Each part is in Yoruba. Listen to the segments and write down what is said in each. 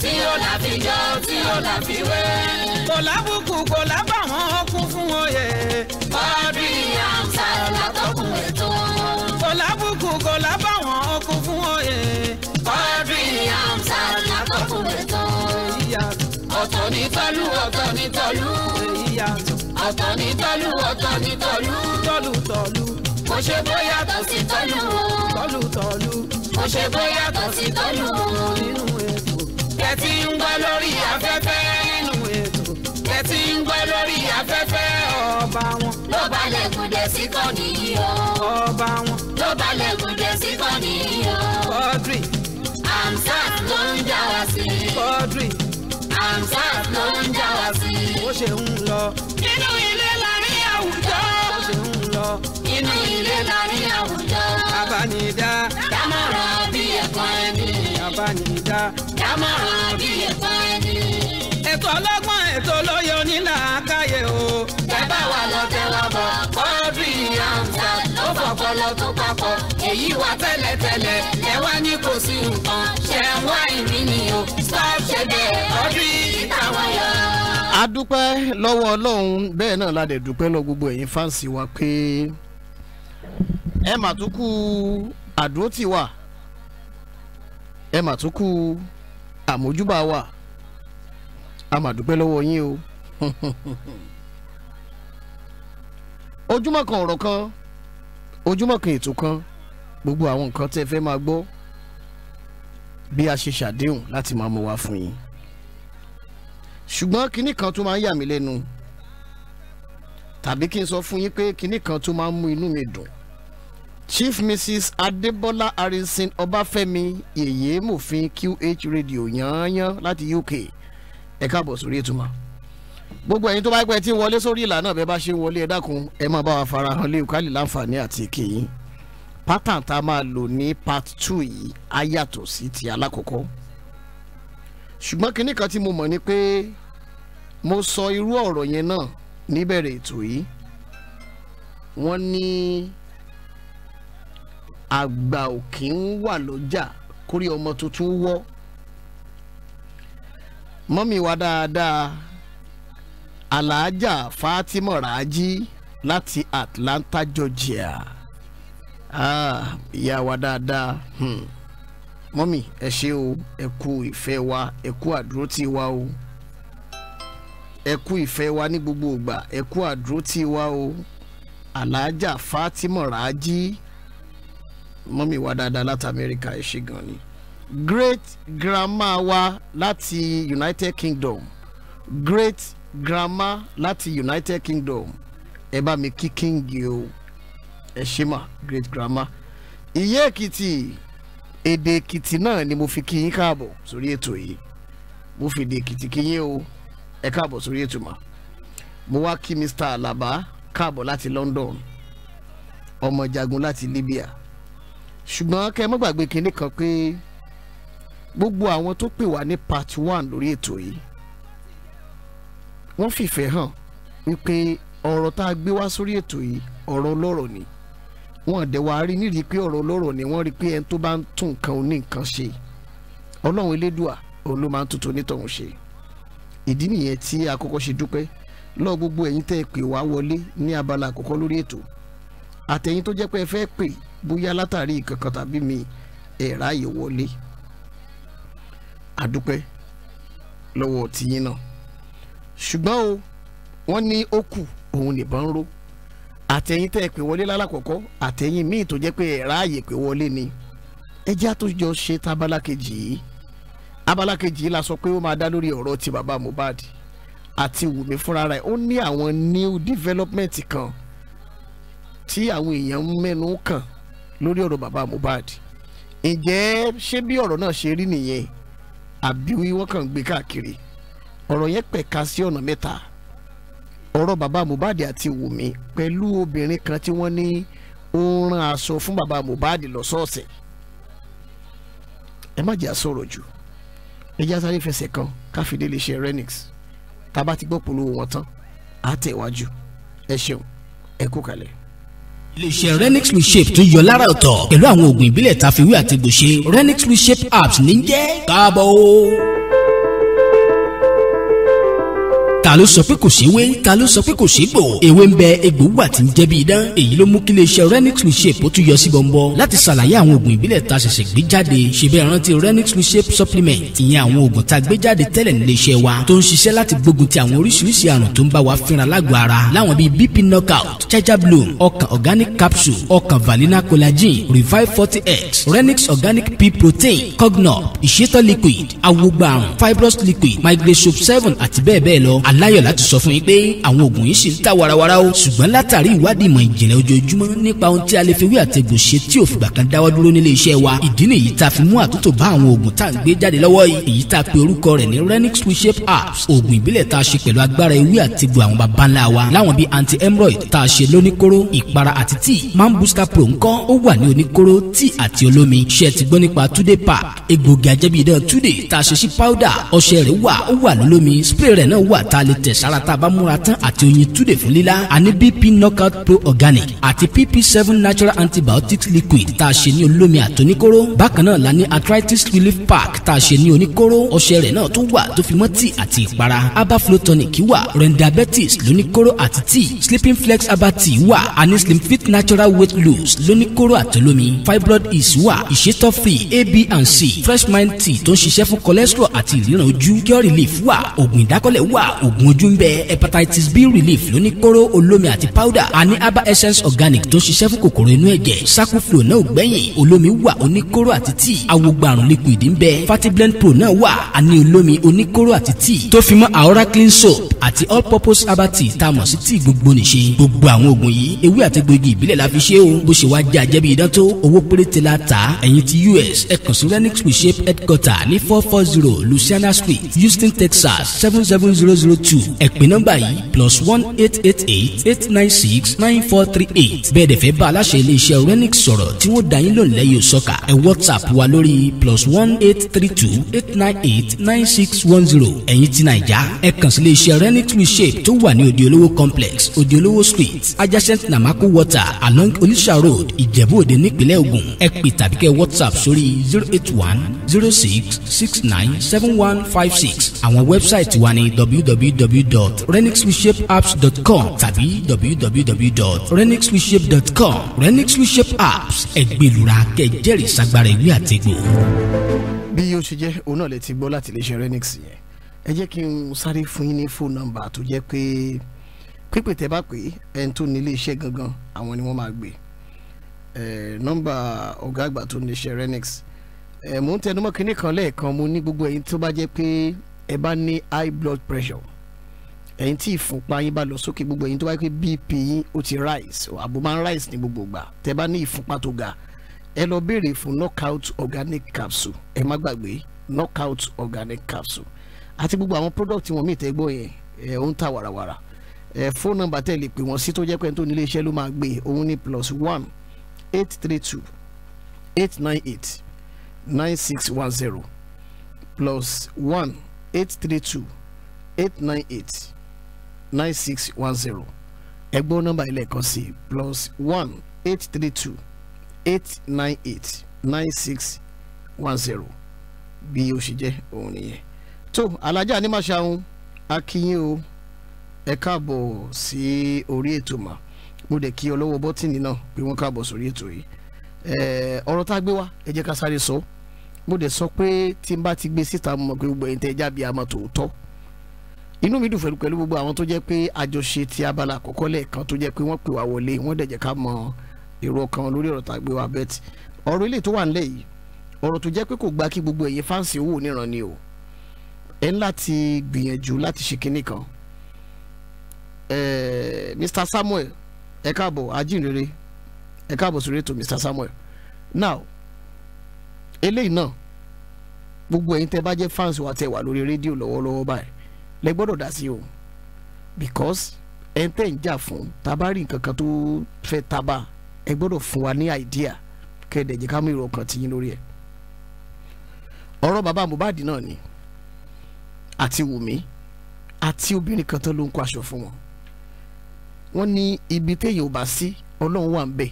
tí ó làbíjọ tí ó làbíwé. kò lábùkù kò lábàwọ́n kún fún oyè. bọ́dí àmsà látọkùn ètò. kò lábùkù kò lábàwọ́n kún fún oyè. bọ́dí àmsà látọkùn ètò. ọ̀tọ̀ ní tọ́lú ọ̀tọ̀ ní tọ́lú. ọ̀tọ̀ ní tọ́lú ọ̀tọ̀ ní tọ́lú. tọ́lú tọ́lú. mo ṣe bóyá tó sí tọ́lú. tọ́lú tọ́lú. mo ṣe bóyá tó sí tọ́lú tẹ́tí ń gbọ́ lórí afẹ́fẹ́ nínú ètò tẹ́tí ń gbọ́ lórí afẹ́fẹ́ ọba wọn. ló balẹ̀ gùdẹ̀ sí kọ́ nìyí o. ọba wọn. ló balẹ̀ gùdẹ̀ sí kọ́ nìyí o. Quadri. Hamzat ló ń já wa sí. Quadri. Hamzat ló ń já wa sí. ó ṣe ń lọ. inú ilé la rí àwùjọ. ó ṣe ń lọ. inú ilé la rí àwùjọ. abánidá. dámọ̀ràn bá ní dá. dámọ̀ràn ipa ẹni. ètò ọlọ́gbọ́n ètò olóyè onílà káyé o. bàbá wa lọ tẹwà bọ̀ kọ́ọ̀dù ìyàǹsà ló fọpọlọ tó papọ̀ èyí wà tẹ́lẹ̀tẹ́lẹ̀ lẹ́wà ní kò sí nǹkan ṣẹ̀ wá ìrìn ni o stop bẹ́ẹ̀ ọdún ìtàwọn a dúpẹ́ lọ́wọ́ ọlọ́run bẹ́ẹ̀ náà la dẹ̀ dúpẹ́ lọ gbogbo ẹ̀yin fáǹsì wa pé ẹ mà tún kú àdúrótì wa ẹ mà tún kú àmójúbà wa a mà dúpẹ́ lọ́wọ́ yín o ojúmọ́ kan ọ̀rọ̀ kan ojúmọ́ kan ètò kan gbogbo àwọn nǹkan tẹ́ fẹ́ máa gbọ́ bí a ṣe ṣàdéhùn láti máa mú wá fún yín ṣùgbọ́n kinní kan tó máa ń yà mí lẹ́nu tàbí kí n sọ fún yín pé kinní kan tó máa ń mú inú mi dùn Chief Mrs. Adebola Harrison Ọbáfẹ́mi yèyé mòfin QH radio yányán láti UK ẹ káàbọ̀ sórí ètò mọ́ gbogbo ẹ̀yin tó bá pẹ́ tí ń wọlé sórí ìlànà bẹ́ẹ̀ bá ṣe ń wọlé ẹ dákun ẹ máa bá wa farahàn lé ìkálẹ̀ láǹfààní àti ìkẹyìn pátán tá a máa lò ní part two yìí á yàtọ̀ sí ti alákọ̀ọ́kọ́ ṣùgbọ́n kinní kan tí mo mọ̀ ni pé mo sọ irú ọ̀rọ̀ yẹn náà níbẹ̀rẹ̀ ètò yìí wọ́n ní. Ni àgbà òkè ń wà lọ́jà kórí ọmọ tuntun wọ́ mọ́mì wa dáadáa aláàjà Fatima Raji láti Atlanta Georgia ah, ìyá wa dáadáa hmm. mọ́mì ẹ ṣé o ẹ kú ìfẹ́ wa ẹ kú àdúrótì wa o ẹ kú ìfẹ́ wa ní gbogbo ìgbà ẹ kú àdúrótì wa o aláàjà Fatima Raji mọ́mí wa dáadáa láti amẹ́ríkà ẹ ṣé gan ni great grandma wa láti united kingdom great grandma láti united kingdom ẹ bá mi kí kíngì o ẹ ṣé mà great grandma ìyá èkìtì èdè èkìtì náà ni mo fi kí yín káàbọ̀ sórí ètò yìí mo fi èdè èkìtì kí yín o ẹ káàbọ̀ sórí ètò mà mo wá kí mr alaba káàbọ̀ láti london ọmọ jagun láti libya ṣùgbọ́n kẹ́ ẹ mọ́ gbàgbé kinní kan pé gbogbo àwọn tó pè wá ní part one lórí ètò yìí wọ́n fìfẹ́ hàn wípé ọ̀rọ̀ tá a gbé wá sórí ètò yìí ọ̀rọ̀ ọlọ́rọ̀ ni wọ́n dẹ̀ wá rí nídìí pé ọ̀rọ̀ ọlọ́rọ̀ ni wọ́n rí pé ẹni tó bá ń tún nǹkan oní nǹkan ṣe ọlọ́run elédùà òun ló máa ń tuntun onítọ̀hún ṣe ìdí nìyẹn tí a ṣe dúpẹ́ lọ́ọ́ gbogbo ẹ̀yin tẹ́ ẹ pè wá wọlé ní abala àkọ́kọ́ lórí ètò àtẹ̀yin tó jẹ́ pé ẹ fẹ́ pè bóyá látàrí kankan tàbí mi ẹ̀rá yìí wọlé àdúpẹ́ lọ́wọ́ tìyín náà ṣùgbọ́n o wọ́n ní ó kù òun nìbọn ń ró àtẹ̀yìn tẹ́ ẹ wọlé lálàkọ̀kọ́ àtẹ̀yìn míì tó jẹ́ pé ẹ̀rá ààyè pè wọlé ni ẹjẹ́ àtúnjọ ṣe tábàlà kejì yìí abala kejì yìí la sọ pé ó máa dá lórí ọ̀rọ̀ ti bàbá Mohbad àti Wùmí fúnra rẹ̀ ó ní àwọn new development kan tí àwọn èèyàn mẹ́nu kàn lórí ọ̀rọ̀ bàbá Mohbad ǹjẹ́ ṣé bí ọ̀rọ̀ náà ṣe rí nìyẹn àbí wọ́n kàn gbé káàkiri ọ̀rọ̀ yẹn pẹ̀ka sí ọ̀nà mẹ́ta ọ̀rọ̀ bàbá Mohbad àti Wùmí pẹ̀lú obìnrin kan tí wọ́n ní ó ń rán aṣọ fún bàbá Mohbad lọ́sọ̀ọ̀sẹ̀ ẹ má jẹ́ àsọ̀rọ̀ jù ẹ já sáré fẹsẹ̀ kan káfíńdé lè ṣe renix tá a bá ti gbọ́ polówó wọn tán àtẹ̀wájú ẹ ṣeun ẹ kú kalẹ̀ iléeṣẹ́ renix reshape tún yọ lára ọ̀tọ̀ pẹ̀lú àwọn oògùn ìbílẹ̀ tàfiwé àti gbòṣe renix reshape apps ní jẹ́ káàbọ̀ o ta ló sọ pé kò sí wé ta ló sọ pé kò sí gbò èwe ń bẹ egbò wà tí ń jẹ́ bí idán èyí ló mú kí iléeṣẹ́ renix reshape ó tún yọ sí bọ́ńbọ́ láti ṣàlàyé àwọn oògùn ìbílẹ̀ tá a ṣẹ̀ṣẹ̀ gbé jáde ṣe bẹ́ẹ̀ rántí renix reshape supplement ìyẹn àwọn oògùn tá a gbé jáde tẹ́lẹ̀ níléeṣẹ́ wa tó ń ṣiṣẹ́ láti gbógun ti àwọn oríṣiríṣi àrùn tó ń bá wa fínra lágọ̀ọ́ ara láwọn bíi bp knockout chacha bloom ọkàn organic capsule ọkàn valina collagen revive forty renix organic pea protein cognop ìṣètò liquid awogba fibrous liquid migration seven àti bẹ́ẹ̀ bẹ́ẹ̀ aláyọ̀ láti sọ fún yín pé àwọn oògùn yìí sì ń ta warawara o ṣùgbọ́n látàrí ìwádìí ìmọ̀ ìjìnlẹ̀ ojoojúmọ́ nípa ohun tí a lè fi wí àtẹ̀gbò ṣe tí òfìgbà kan dáwọ́ dúró nílé iṣẹ́ wa ìdí nìyí tá a fi mú àtúntò bá àwọn oògùn tá à ń gbé jáde lọ́wọ́ yìí èyí tá a pe orúkọ rẹ̀ ní renix reshape apps oògùn ìbílẹ̀ tá a ṣe pẹ̀lú agbára ewé àtẹ̀gbò àwọn baba ńlá wa láwọn bíi anti hemorrhoid tá a ṣe lóníkóró ìpara àti tíì man booster pro ńkọ́ ó wà ní oníkóró tíì àti olómi ṣe ti gbọ́ nípa túdé pack egbògi ajẹ́bíidán túdé tá a ṣe sí powder ọṣẹ rẹ̀ wà ó wà lólómi spray rẹ̀ náà wà tá a lè tẹ̀ sára tá a bá múra tán àti oyin túdè fún lílá àní bp knockout pro organic àti pp seven natural antibiotics liquid tá a ṣe ní olómi àtòníkóró bákan náà la ní arthritis relief pack tá a ṣe ní oníkóró ọṣẹ rẹ̀ náà tún wà tó fi mọ́ tíì àti ìpara herbal flow tonic wà rendiabetes lóníkóró àti tíì sleeping flex herbal tea wà àní slim fit natural weight loss lóníkóró àtolómi fibroid is wà ìṣètò free A B and c fresh mind tea tó ń ṣiṣẹ́ fún cholesterol àti ìríran ojú cure relief wà oògùn ìdákọ́lẹ̀ wà oògùn oògùn ojú ń bẹ hepatitis b relief lóní kóró olómi àti powder àní herbal essence organic tó ṣiṣẹ́ fún kòkòrò inú ẹ̀jẹ̀ saku flow náà ò gbẹ́yìn olómi wà oníkóró àti tíì awogbarun liquid ìdí ń bẹ fatty blend pro náà wà àní olómi oníkóró àti tíì tó fi mọ́ aora clean soap àti all purpose herbal tea tá a mọ̀ sí tíì gbogbo nìṣe gbogbo àwọn oògùn yìí ewé àtẹgbẹ́gi ìbílẹ̀ la fi ṣe o bó ṣe wá jẹ́ àjẹbí idán tó owó péréte la ta ẹ̀yin ti us ẹ sí renix reshape headquarter ní four four zero luciana street houston texas seven seven zero zero two two ẹ pè yìí plus one eight eight eight eight nine six nine four three eight bẹ́ẹ̀ dẹ̀ fẹ́ bá aláṣẹ iléeṣẹ́ renix sọ̀rọ̀ tí wọ́n dá yín lónìí lẹ́yìn òsọ́kà ẹ whatsapp wa lórí plus one eight three two eight nine eight nine six one zero ẹ̀yin ti nàìjà ẹ kàn sí iléeṣẹ́ renix reshape tó wà ní òde olówó complex òde olówó street adjacent namako water along onisha road ìjẹ̀bú òde nípínlẹ̀ ògùn ẹ pè tàbí kẹ́ whatsapp sórí zero eight one zero six six nine seven one five six àwọn wẹ́bsáìtì wa ni www www.renixwishapeapps.com tàbí www.renixwishape.com renixwishape apps ẹgbẹ́lura kẹjẹ́rìí Sagbara. ìwé àtẹ̀gbò. bí yóò ṣe jẹ́ òun náà lè ti gbọ́ láti iléeṣẹ́ renix yẹn ẹ jẹ́ kí n sáré fún yín ní fóònù nọ́mbà tó jẹ́ pé pípè tẹ́ bá pé ẹni tó ní iléeṣẹ́ gangan àwọn ni wọ́n máa gbé nọ́mbà ọ̀gá àgbà tó ní iléeṣẹ́ renix mò ń tẹnumọ́ kínní kan lẹ́ẹ̀kan mo ní gbogbo ẹ̀yin tó bá jẹ́ pé ẹ bá ní high blood pressure ẹ̀yin tí ìfúnpá yín bá lọ sókè gbogbo ẹ̀yin tó wáyé pé bp yín ó ti rise àbò máa ń rise ní gbogbo ìgbà tẹ́ bá ní ìfúnpá tó ga ẹ lọ béèrè fún knockout organic capsule ẹ má gbàgbé knockout organic capsule àti gbogbo àwọn product wọn míì tẹ́ gbọ́ yẹn ẹ ó ń ta wàràwàrà ẹ fóònù nọ́mbà tẹ́ lè pè wọ́n sí tó jẹ́ pé ẹni tó nílé iṣẹ́ ló máa gbé òun ní plus one eight three two eight nine eight nine six one zero plus one eight three two eight nine eight nine six one zero ẹgbọ́n nọ́mbà ilẹ̀ kan sí plus one eight three two eight nine eight nine six one zero bí o ṣe jẹ́ òun nìyẹn tó alájà ní màṣáhùn akínyìn o ẹ káàbọ̀ sí orí ètò mà mo dẹ̀ kí ọlọ́wọ́ bọ́tìnì náà pé wọ́n káàbọ̀ sórí ètò yìí ọ̀rọ̀ tá a gbé wá ẹ jẹ́ ká sáré sọ mo dẹ̀ sọ pé tí n bá ti gbé síta mo mọ̀ pé gbogbo ẹ̀yin tẹ́ ẹ jábìá mọ́ tòótọ́ inú mi dùn fẹ́lú pẹ̀lú gbogbo àwọn tó jẹ́ pé àjọṣe ti abala àkọ́kọ́ lẹ́ẹ̀kan tó jẹ́ pé wọ́n pè wá wọlé wọ́n dẹ̀ ká mọ èrò ọkàn lórí ọ̀rọ̀ tàgbé wa bet ọ̀rọ̀ ilé tó wà nílẹ̀ yìí ọ̀rọ̀ tó jẹ́ pé kò gba kí gbogbo ẹ̀yin fáǹsì owó oníran ni o ẹ̀ ń láti gbìyànjú láti ṣe kinní kan Mr Samuel ẹ káàbọ̀ ajínrere ẹ káàbọ̀ sórí ètò Mr Samuel now eléyìí náà gbogbo ẹ̀yin tẹ́ bá jẹ́ fáǹsì wa tẹ́ wà lórí rédíò lọ́wọ́lọ́wọ́ báyìí lẹ gbọ́dọ̀ dá sí o because ẹ tẹ́ ń jà fún tá rí nǹkan tó fẹ́ taba ẹ gbọ́dọ̀ fún wa ní idea kẹ́ẹ̀dẹ̀ jẹ́ ká mú èrò ọkàn tiyín lórí ẹ̀ ọ̀rọ̀ bàbá Mohbad náà ni àti Wùmí àti obìnrin kan tán ló ń kó aṣọ fún wọn wọ́n ní ibi téèyàn ò bá sí ọlọ́run wà ń bẹ̀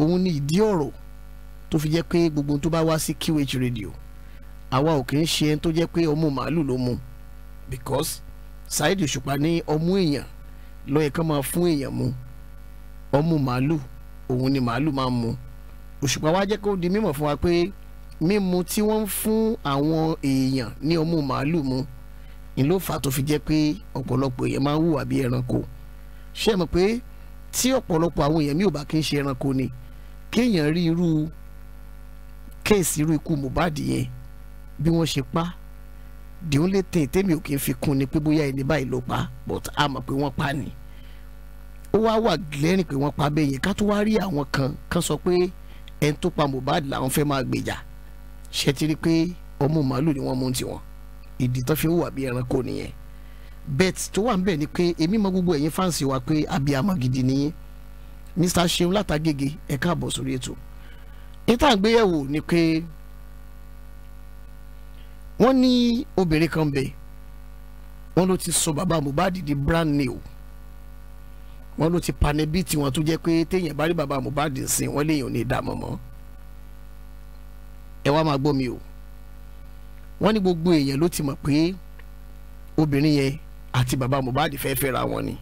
òun ni ìdí ọ̀rọ̀ tó fi jẹ́ pé gbogbo tó bá wá sí QH radio àwa ò kì í ṣe ẹni tó jẹ́ pé ọmọ màálù ló mú un because Saheed Òṣùpá ní ọmú èèyàn ló yẹ máa fún èèyàn mu ọmú màálù òun ni màálù máa ń mu Òṣùpá wá jẹ́ kó di mímọ̀ fún wa pé mímu tí wọ́n ń fún àwọn èèyàn ní ọmú màálù mu ni ló fà á tó fi jẹ́ pé ọ̀pọ̀lọpọ̀ èèyàn máa ń hùwà bí ẹranko ṣé ẹ mọ̀ pé tí ọ̀pọ̀lọpọ̀ àwọn èèyàn mi ò bá kí ń ṣe ẹranko ni kéèyàn rí irú kéèsì irú ikú Mohbad yẹn bí wọ́n ṣe pa á the only thing tèmi ò kì í fi kún ni pé bóyá ẹni báyìí ló pa but a mọ̀ pé wọ́n pa ni ó wá wà lẹ́rìn pé wọ́n pa bẹ́ẹ̀ yẹn ká tó wá rí àwọn kan kan sọ pé ẹni tó pa Mohbad làwọn fẹ́ máa gbèjà ṣe ti rí pé ọmọ màálù ni wọ́n mú tiwọn ìdí tó fi wà bí ẹranko nìyẹn bet tó wà ń bẹ̀ ni pé èmi mọ gbogbo ẹ̀yin fáǹsì wa pé abiyamọ gidi nìyẹn Mr Seun látàgègè ẹ káàbọ̀ sórí ètò ìtàgbéyẹ̀wò ni pé. Pe wọ́n ní obìnrin kan bẹ wọ́n ló ti sọ bàbá Mohbad di brand new wọ́n ló ti panẹ́bí tiwọn tó jẹ́ pé téèyàn bá rí bàbá Mohbad sìn wọ́n léèyàn ò ní dààmú mọ́ ẹ wá máa gbọ́ mi o wọ́n ní gbogbo èèyàn ló ti mọ̀ pé obìnrin yẹn àti bàbá Mohbad fẹ́ fẹ́ra wọn ni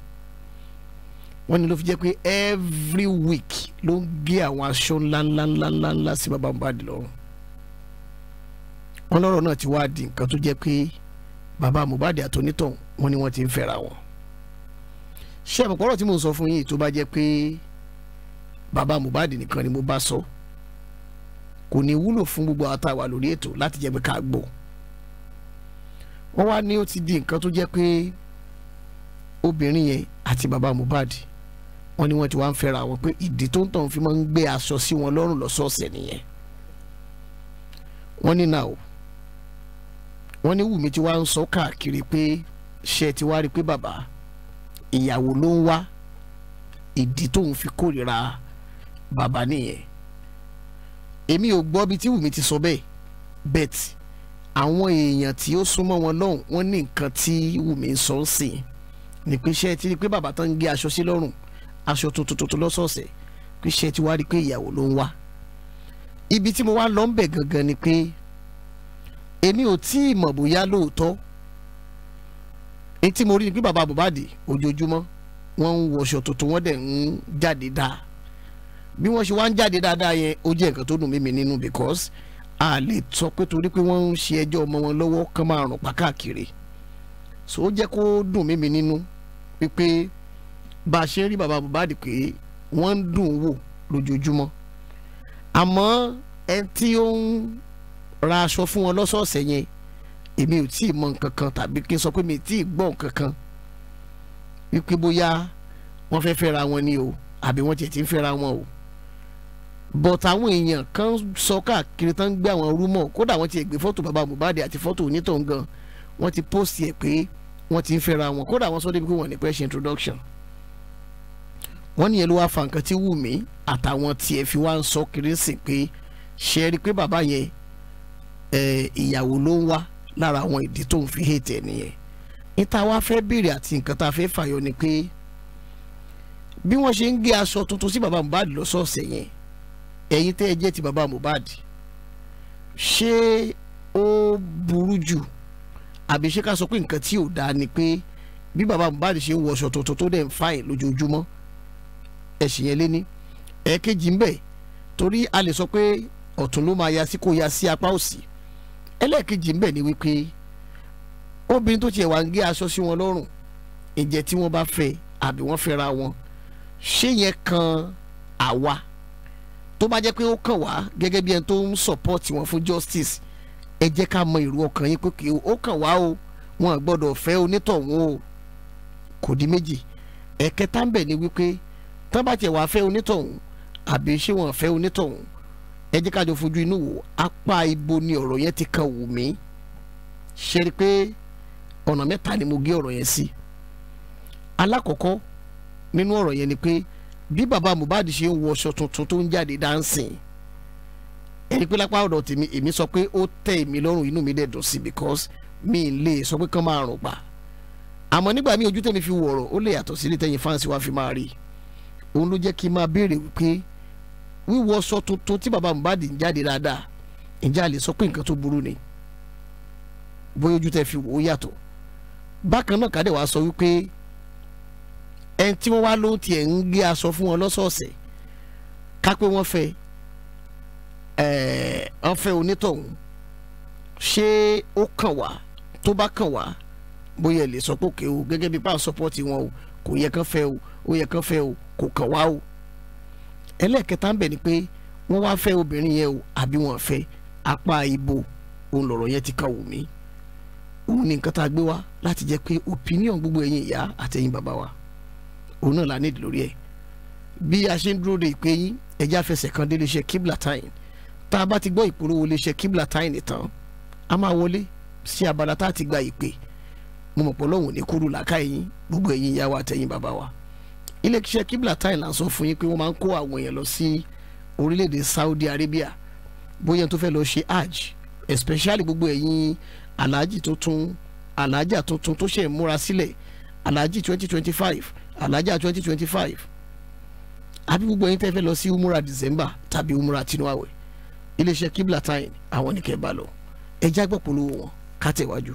wọ́n ní ló fi jẹ́ pé every week ló ń gé àwọn aṣọ ńláńláńláńlá sí bàbá Mohbad lọ́rùn wọ́n lọ́rọ̀ náà ti wá di nǹkan tó jẹ́ pé bàbá Mohbad àtọ́nítọ̀hún wọ́n ní wọ́n ti ń fẹ́ra wọn ṣé àpòpọ̀rọ̀ tí mò ń sọ fún yín tó bá jẹ́ pé bàbá Mohbad nìkan ni mo bá sọ kò ní wúlò fún gbogbo àwọn tá a wà lórí ètò láti jẹ́ pé ká gbọ́ wọ́n wá ní ó ti di nǹkan tó jẹ́ pé obìnrin yẹn àti bàbá Mohbad wọ́n ní wọ́n ti wá ń fẹ́ra wọn pé ìdí tó ń tàn fi máa ń gbé aṣọ sí wọn lọ́rùn lọ́sọ̀ọ̀sẹ̀ nìyẹn wọ́n ní náà o wọ́n ní Wùmí tí wàá ń sọ káàkiri pé ṣe ti wá rí pé bàbá ìyàwó ló ń wá ìdí tóun fi kórìíra bàbá nìyẹn èmi ò gbọ́ bí tí Wùmí ti sọ bẹ́ẹ̀ bet àwọn èèyàn tí ó súnmọ́ wọn lọ́hùn wọ́n ní nǹkan tí Wùmí ń sọ ń sìn ní pé ṣe ti rí pé bàbá tán ń gé aṣọ sí lọ́rùn aṣọ tuntun tuntun lọ́sọ̀ọ̀sẹ̀ pé ṣe ti wá rí pé ìyàwó ló ń wá ibi tí mo wá lọ ń bẹ̀ gangan ni pé èmi ò tí ì mọ̀ bóyá lóòótọ́ etí mo rí ni pé bàbá Mohbad ojoojúmọ́ wọ́n ń wọṣọ tuntun wọ́n dẹ̀ ń jáde dáa bí wọ́n ṣe wá ń jáde dáadáa yẹn ó jẹ́ nǹkan tó dùn mímí nínú because a lè sọ pé torí pé wọ́n ń ṣe ẹjọ́ ọmọ wọn lọ́wọ́ kán máa rùn pa káàkiri so ó jẹ́ kó dùn mímí nínú pípé bá a ṣe ń rí bàbá Mohbad pé wọ́n ń dùn wò lójoojúmọ́ àmọ́ ẹni tí ó ń ra aṣọ fún wọn lọ́sọ̀ọ̀sẹ̀ yẹn èmi ò tí ì mọ nǹkan kan tàbí kí n sọ pé mi ò tí ì gbọ́ nǹkan kan wípé bóyá wọ́n fẹ́ fẹ́ra wọn ni o àbí wọ́n tiẹ̀ ti ń fẹ́ra wọn o but àwọn èèyàn kan sọ káàkiri tán gbé àwọn rúmọ̀ kódà wọ́n ti gbé fọ́tò bàbá Mohbad àti fọ́tò onítọ̀hún gan wọ́n ti post ẹ̀ pé wọ́n ti ń fẹ́ra wọn kódà wọ́n sọ débi pé wọ́n ní pẹ́ ṣe introduction wọ́n ní ẹlò wá fa nǹkan tí wù mí àtàwọn tiẹ̀ fi wá ń sọ kiri ń sìn pé ṣe é rí i pé bàbá yẹn ìyàwó ló ń wá lára àwọn ìdí tó ń fi hate ẹ̀ nìyẹn níta wá fẹ́ béèrè àti nǹkan tá fẹ́ fàyọ ni pé bí wọ́n ṣe ń gé aṣọ tuntun sí baba Mohbad lọ́sọ̀ọ̀sẹ̀ yẹn ẹ̀yin tẹ́ ẹ jẹ́ ti baba Mohbad ṣé ó burú jù àbí ṣé ká sọ pé nǹkan tí ò dáa ni pé bí baba Mohbad ṣe ń wọṣọ tuntun tó dẹ̀ ń fà ẹ̀ lójoojúmọ́ ẹ̀sìn yẹn lé ní ẹ̀ẹ́kejì ń bẹ̀ torí a lè sọ pé ọ̀tún ló máa ya sí kó ya sí apá òsì ẹlẹ́ẹ̀kejì ń bẹ̀ ni wípé obìnrin tó tiẹ̀ wá ń gé aṣọ sí wọn lọ́rùn ìjẹ́ tí wọ́n bá fẹ́ àbí wọ́n fẹ́ra wọn ṣé yẹn kan àwa tó bá jẹ́ pé ó kàn wá gẹ́gẹ́ bí ẹni tó ń support wọn fún justice ẹ jẹ́ ká mọ ìrú ọkàn yín pé kí ó kàn wá o wọn gbọ́dọ̀ fẹ́ onítọ̀hún o kò di méjì ẹ̀kẹta ń bẹ̀ ni wípé tán bá tiẹ̀ wá fẹ́ onítọ̀hún àbí ṣé wọn fẹ́ onítọ̀hún ẹ jẹ́ kájọ fojú inú wò apá ibo ni ọ̀rọ̀ yẹn ti kan wù mí ṣe rí pé ọ̀nà mẹ́ta ni mo gé ọ̀rọ̀ yẹn sí alákọ̀ọ́kọ́ nínú ọ̀rọ̀ yẹn ni pé bí bàbá Mohbad ṣe ń wọṣọ tuntun tó ń jáde dáńsìn ẹni pé lápá ọ̀dọ̀ tèmi èmi sọ pé ó tẹ́ èmi lọ́rùn inú mi dẹ̀ dùn sí because mi ì lè sọ pé kán máa rùn pa àmọ́ nígbà míì ojú tèmi fi wọ̀rọ̀ ó lè yàtọ̀ sí ilé tẹ́yìn fáǹsì wa fi máa rí òun ló jẹ́ kí n máa béèrè wípé wíwọ sọ tuntun tí baba Mohbad ń jáde dáadáa ǹjẹ́ a lè sọ pé nǹkan tó burú ni bóyá ojú tẹ fi wò ó yàtọ̀ bákan náà kàdé wàá sọ wípé ẹni tí wọ́n wá ló tiẹ̀ ń gé aṣọ fún wọn lọ́sọ̀ọ̀sẹ̀ kápẹ́ wọ́n fẹ́ ẹ̀ẹ́ wọ́n fẹ́ onítọ̀hún ṣé ó kàn wá tó bá kàn wá bóyá lè sọ pé òkè o gẹ́gẹ́ bí pa support wọn o kò yẹ kán fẹ́ o ó yẹ kán fẹ́ o kò kàn wá o ẹlẹ́ẹ̀kẹta ń bẹ̀ ni pé wọ́n wá fẹ́ obìnrin yẹn o àbí wọ́n fẹ́ apá ibo òun lọ̀rọ̀ yẹn ti kan wù mí òun ni nǹkan tá a gbé wá láti jẹ́ pé opinion gbogbo ẹ̀yin ìyá àtẹ̀yin bàbá wa òun náà la nídìí lórí ẹ̀ bí a ṣe ń dúró de ìpè yín ẹja fẹsẹ̀ kan dé iléeṣẹ́ kibla time tá a bá ti gbọ́ ìpolówó iléeṣẹ́ kibla time tán a máa wọlé sí abala tá a ti gba ìpè mo mọ̀ pọ̀ ní kúrú làákà yín gbogbo ẹ̀yin ìyá wa àtẹ̀yin bàbá wa iléeṣẹ́ kibla thailand sọ fún yín pé wọ́n máa ń kó àwọn èèyàn lọ sí orílẹ̀-èdè saudi arabia bóyá tó fẹ́ lọ ṣe hajj especially gbogbo ẹ̀yin alhaji tuntun alhaja tuntun tó ṣe ń múra sílẹ̀ alhaji twenty twenty five alhaja twenty twenty five àbí gbogbo ẹ̀yin tẹ́ fẹ́ lọ sí umura december tàbí umura tinuawẹ̀ iléeṣẹ́ kibla thailand àwọn nìkẹ́ bá lọ ẹjá gbọ́ polówó wọn ká tẹ̀wájú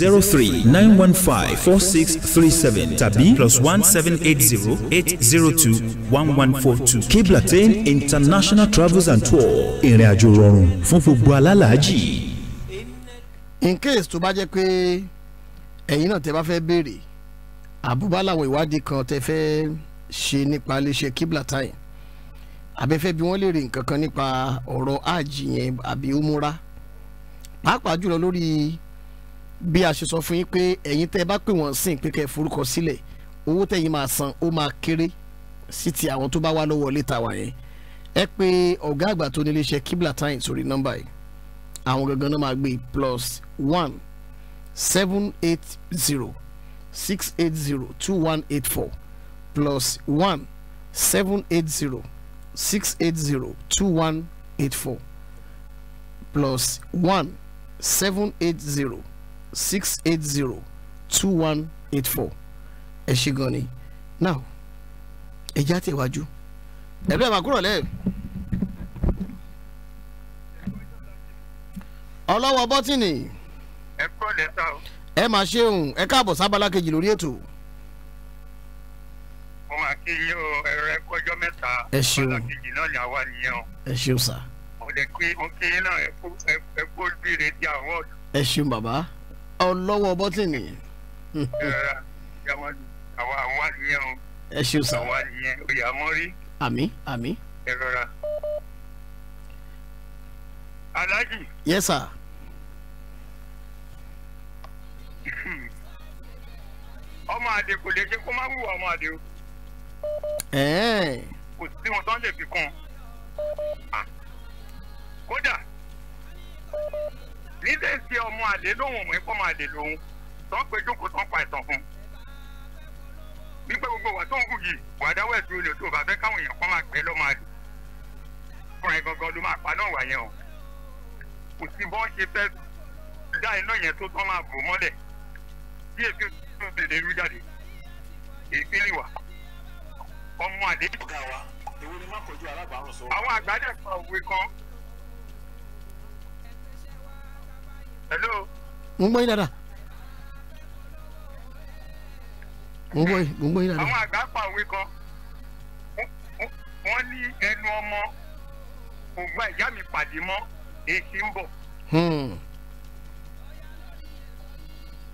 zero three nine one five four six three seven tabi plus one seven eight zero eight zero two one one four two. Kiblatin International Travels and Tour ìrìn àjò rọrùn fún gbogbo alálàájì. in case tó bá jẹ́ pé ẹ̀yin náà tẹ́ bá fẹ́ béèrè àbúbá làwọn ìwádìí kan tẹ́ fẹ́ ṣe nípa iléeṣẹ́ Kiblatin àbẹ́fẹ́ bí wọ́n lè rí nǹkan nípa ọ̀rọ̀ àjì yẹn àbí umura pàápàá jùlọ lórí bí a ṣe sọ fún yín pé ẹ̀yin tẹ́ ẹ bá pè wọ́n sìn pé kẹ́ ẹ forúkọ sílẹ̀ owó tẹ̀yin máa san ó máa kéré sí ti àwọn tó bá wá lọ́wọ́ létà wà yẹn ẹ pé ọ̀gá àgbà tó nílé iṣẹ́ Kibla Time sórí nọ́mbà yìí àwọn gangan náà máa gbé plus one seven eight zero six eight zero two one eight four plus one seven eight zero six eight zero two one eight four plus one seven eight zero six eight zero two one eight four ẹ ṣe gan ni now ẹ já tẹ̀wájú ẹ bẹ́ẹ̀ máa kúrò lẹ́ẹ̀. ọlọ́wọ́ bọ́tìnì. ẹ kọ́ lẹ́tà o. ẹ máa ṣeun ẹ káàbọ̀ sábàlá kejì lórí ètò. mo máa kí yín o ẹ̀rọ ẹ mẹ́ta. ẹ kejì náà ni àwa nìyẹn o. ẹ ṣeun sà. mo lè kí mo kí yín náà ẹ kú ẹ kú ojú ire di àwọn. ẹ ṣeun bàbá ọlọ́wọ́ bọ́tìnì. àwọn àwọn adìyẹ o. ẹ ṣe o sà. àwọn adìyẹ oyè amọ́rí. àmì àmì. ẹ rọra. aláàjì. yes sir. ọmọ àdè kò lè ṣe kó má wùwà ọmọ àdè o. kò sí wọn tó ń lè fi kún un. kódà nílé ṣe ọmọ àlè lóhùn mọ́ ẹ̀kọ́ máa lè lóhùn tán pé jókòó tán pa ìtàn fún un wípé gbogbo wà tó ń kú yìí wà á dáwọ́ ẹ̀sùn olè tó bá fẹ́ káwọn èèyàn kan máa pẹ́ lọ́ máa lò ọkùnrin gangan ló máa pa náà wà yẹn o kò sí bọ́n ṣe fẹ́ dá iná yẹn tó tán máa bò mọ́lẹ̀ bí èsì tó ń tẹ̀lé rú jáde ìpínlẹ̀ wà ọmọ àdé. àwọn àgbàdo ẹ̀ka òwe kan hello. mo ń gbọ́ yín dáadáa. mo ń gbọ́ yín mo ń gbọ́ yín dáadáa. àwọn àgbà pa òwe kan wọ́n ní ẹnu ọmọ kò gba ìyá mi pàdé mọ́ èsì ń bọ̀. Hmm.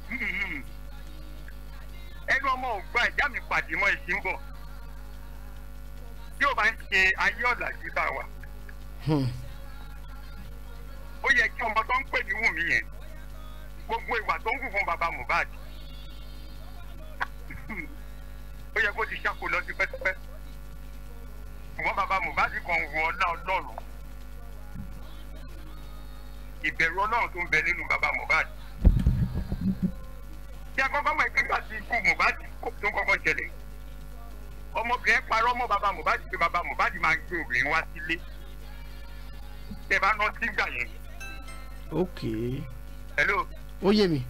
Hmm. ẹnu ọmọ ò gba ìyá mi pàdé mọ́ èsì ń bọ̀. yóò bá ń ṣe ayé ọ̀làjú tá a wà. Hmm ó yẹ kí ọmọ tó ń pè ní Wùmí yẹn gbogbo ìwà tó ń wù fún bàbá Mohbad ó yẹ kó ti ṣàkó lọ sí pẹ́tẹ́pẹ́ ṣùgbọ́n bàbá Mohbad kan wù ọlá Ọlọ́run ìbẹ̀rù Ọlọ́run tó ń bẹ nínú bàbá Mohbad tí akọ́kọ́ mọ̀ ìpínlẹ̀ àti ikú Mohbad tó kọ́kọ́ ṣẹlẹ̀ ọmọbìnrin parọ́ mọ́ bàbá Mohbad pé bàbá Mohbad máa ń gbé obìnrin wá sílé tẹ̀ bá rántí gbà yẹn ok. hello. ó yé mi.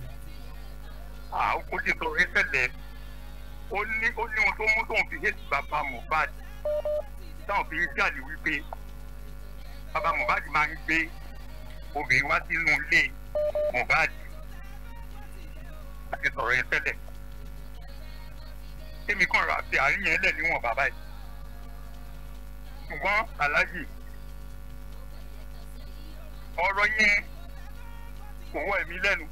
àwọn kò tí ì sọ ẹsẹ̀lẹ̀ ó ní ó ní ohun tó mú tóun fi hẹ́sì bàbá Mohbad táwọn fi jáde wípé bàbá Mohbad máa ń gbé obìnrin wá sínú ilé Mohbad láti sọ̀rọ̀ yẹn tẹ́lẹ̀ èmi kàn rà sí àárín yẹn lẹ̀ níwọ̀n bàbá yìí ṣùgbọ́n aláàjì ọ̀rọ̀ yẹn kò wọ èmi lẹ́nu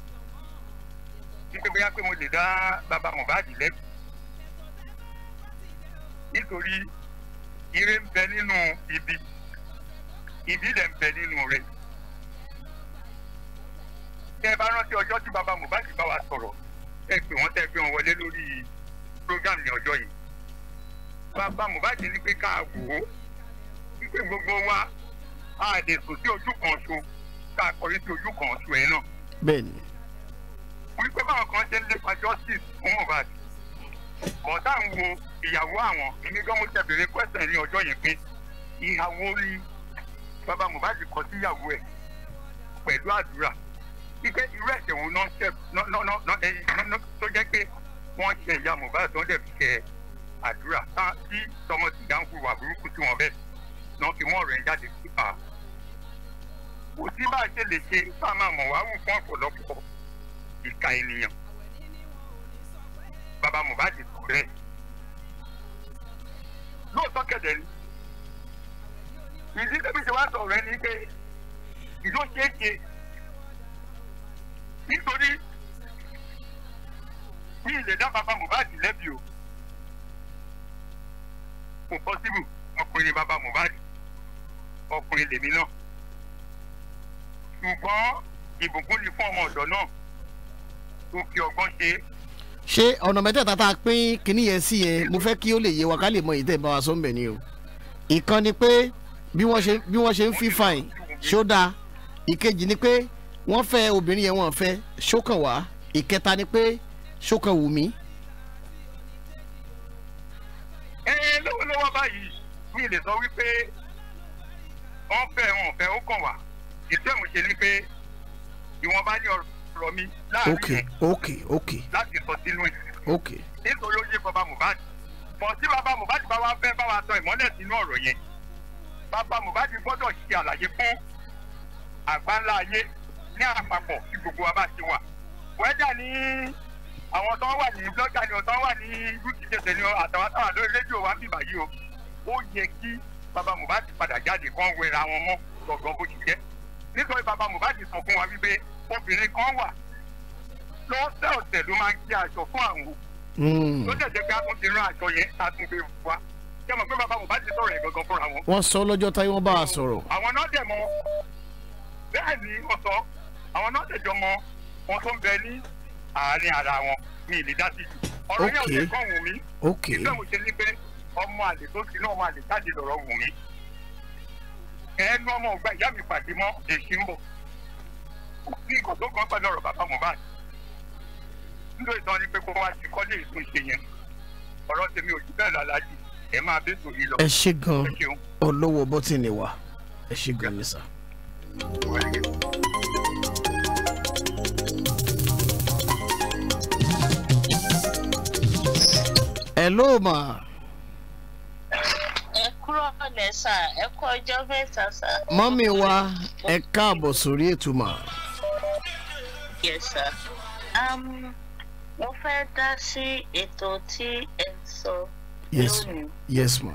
wípé bóyá pé mo lè dá bàbá Mohbad lẹ́bi nítorí ire ń bẹ nínú ibi ibi dẹ̀ ń bẹ nínú rẹ̀ tẹ́ ẹ bá rántí ọjọ́ tí bàbá Mohbad bá wa sọ̀rọ̀ ẹ pè wọ́n tẹ́ ẹ gbé wọn wọlé lórí program ní ọjọ́ yìí bàbá Mohbad ní pé ká wò ó wípé gbogbo wa a lè sùn sí ojú kan ṣo tá a kọrí sí ojú kan ọ̀tún ẹ̀ náà. bẹ́ẹ̀ni. wípé báwọn kan ṣe ń lépa justice fún Mohbad kọ̀ọ̀tà ń wo ìyàwó àwọn èmi gan mo ṣẹ̀bẹ̀rẹ̀ kwẹ́sẹ̀ ní ọjọ́ yẹn pé ìyàwó rí bàbá Mohbad kọ sí ìyàwó ẹ̀ pẹ̀lú àdúrà wípé irú ẹ̀ṣẹ̀ wọn náà ṣẹ̀ tó jẹ́ pé wọ́n ṣe ìyá Mohbad tó ń dẹ̀ fi ṣe àdúrà tí tọmọ tìyà ń hùwà burúkú tí wọ́n bẹ̀ náà fi wọ́n rẹ̀ jáde síta kò sí bá a ṣe lè ṣe bá a máa mọ̀ wá wù fún ọ̀pọ̀lọpọ̀ ìka ènìyàn bàbá Mohbad kú rẹ̀ lóòótọ́ kẹ̀dẹ̀ ni ìdí tẹ́bí ṣe wá sọ̀rọ̀ rẹ ni pé ìjọ ṣeé ṣe nítorí ní ilẹ̀ dá bàbá Mohbad lẹ́bi o kò pọ́sibù ọkùnrin bàbá Mohbad ọkùnrin lèmi náà ṣùgbọ́n ìbùkún ni fún ọmọ ọ̀dọ́ náà tó fi ọgbọ́n ṣe. ṣé ọ̀nà mẹ́tẹ̀ẹ̀ta tá a pín kínní yẹn sí yẹn mo fẹ́ kí ó lè yé wa ká lè mọ èyí tẹ̀ bá wa sọ́nbẹ̀ ni o ìkan ni pé bí wọ́n ṣe ń fi fàìn ṣó dáa ìkejì ni pé wọ́n fẹ́ obìnrin yẹn wọ́n fẹ́ ṣókàn wá ìkẹta ni pé ṣókàn wù mí. ẹ lọ́wọ́lọ́wọ́ báyìí mi lè sọ wípé wọ́n fẹ́ wọn fẹ́ ó kàn wá ìtẹ́mù ṣe ni pé ìwọ̀nba ní ọ̀rọ̀ mi láàrin yẹn láti sọ sínú ẹ̀ nítorí ó yé bàbá Mohbad bọ̀ tí bàbá Mohbad bá wa fẹ́ bá wa tan ìmọ́lẹ̀ sínú ọ̀rọ̀ yẹn bàbá Mohbad gbọ́dọ̀ ṣe àlàyé fún àgbáńlá ayé ní àpapọ̀ tí gbogbo wa bá ti wà wẹ́dà ní àwọn tó wà ní blọ́gà ni ọ̀tọ́ wà ní utkẹsẹ̀ ni àtàwọn táwà lórí rédíò wa ń bì báyìí o ó yẹ kí bàbá Mohbad padà jáde kán wẹra wọn mọ́ gbọ̀ngàn bó ti jẹ́ nítorí bàbá Mohbad sọ fún wa wípé obìnrin kan wà lọ́sẹ̀ ọ̀sẹ̀ ló máa ń gbé aṣọ fún àwọn o ló jẹ̀jẹ̀ pé a tún ti rán aṣọ yẹn a tún gbé wa ṣé mo pé bàbá Mohbad sọ̀rọ̀ ẹ̀ gangan fúnra wọn. wọ́n sọ lọ́jọ́ táyé wọ́n bá a sọ̀rọ̀. àwọn náà dẹ̀ mọ̀ bẹ́ẹ̀ ni wọ́n sọ àwọn náà dẹ̀ jọ mọ̀ wọn tó ń bẹ ní àárín ara wọn ní ìlú dá sí jù ọ̀rọ̀ yẹn ò lè ẹnu ọmọ ọgbà ìyá mi pàdé mọ́ èsì ń bọ̀ ní ìkọ̀tọ́ kan pẹ̀lú ọ̀rọ̀ bàbá Mohbad nílò ìtàn ni pé kó wá ti kọ́lé èso ṣe yẹn ọ̀rọ̀ tèmi ò jù bẹ́ẹ̀ lálàájì ẹ máa bẹ́ẹ̀ sòrí lọ. ẹ ṣé gan olówó bọ́tìnì wa ẹ ṣé gan ni sà. hello ma kúrò ọ̀nẹ́ sà ẹ ọjọ́ mẹ́ta sà. mọ́mí wa ẹ káàbọ̀ sórí ètò yes sir um, mo fẹ́ dá sí ètò tí ẹ sọ lónìí. yes ma.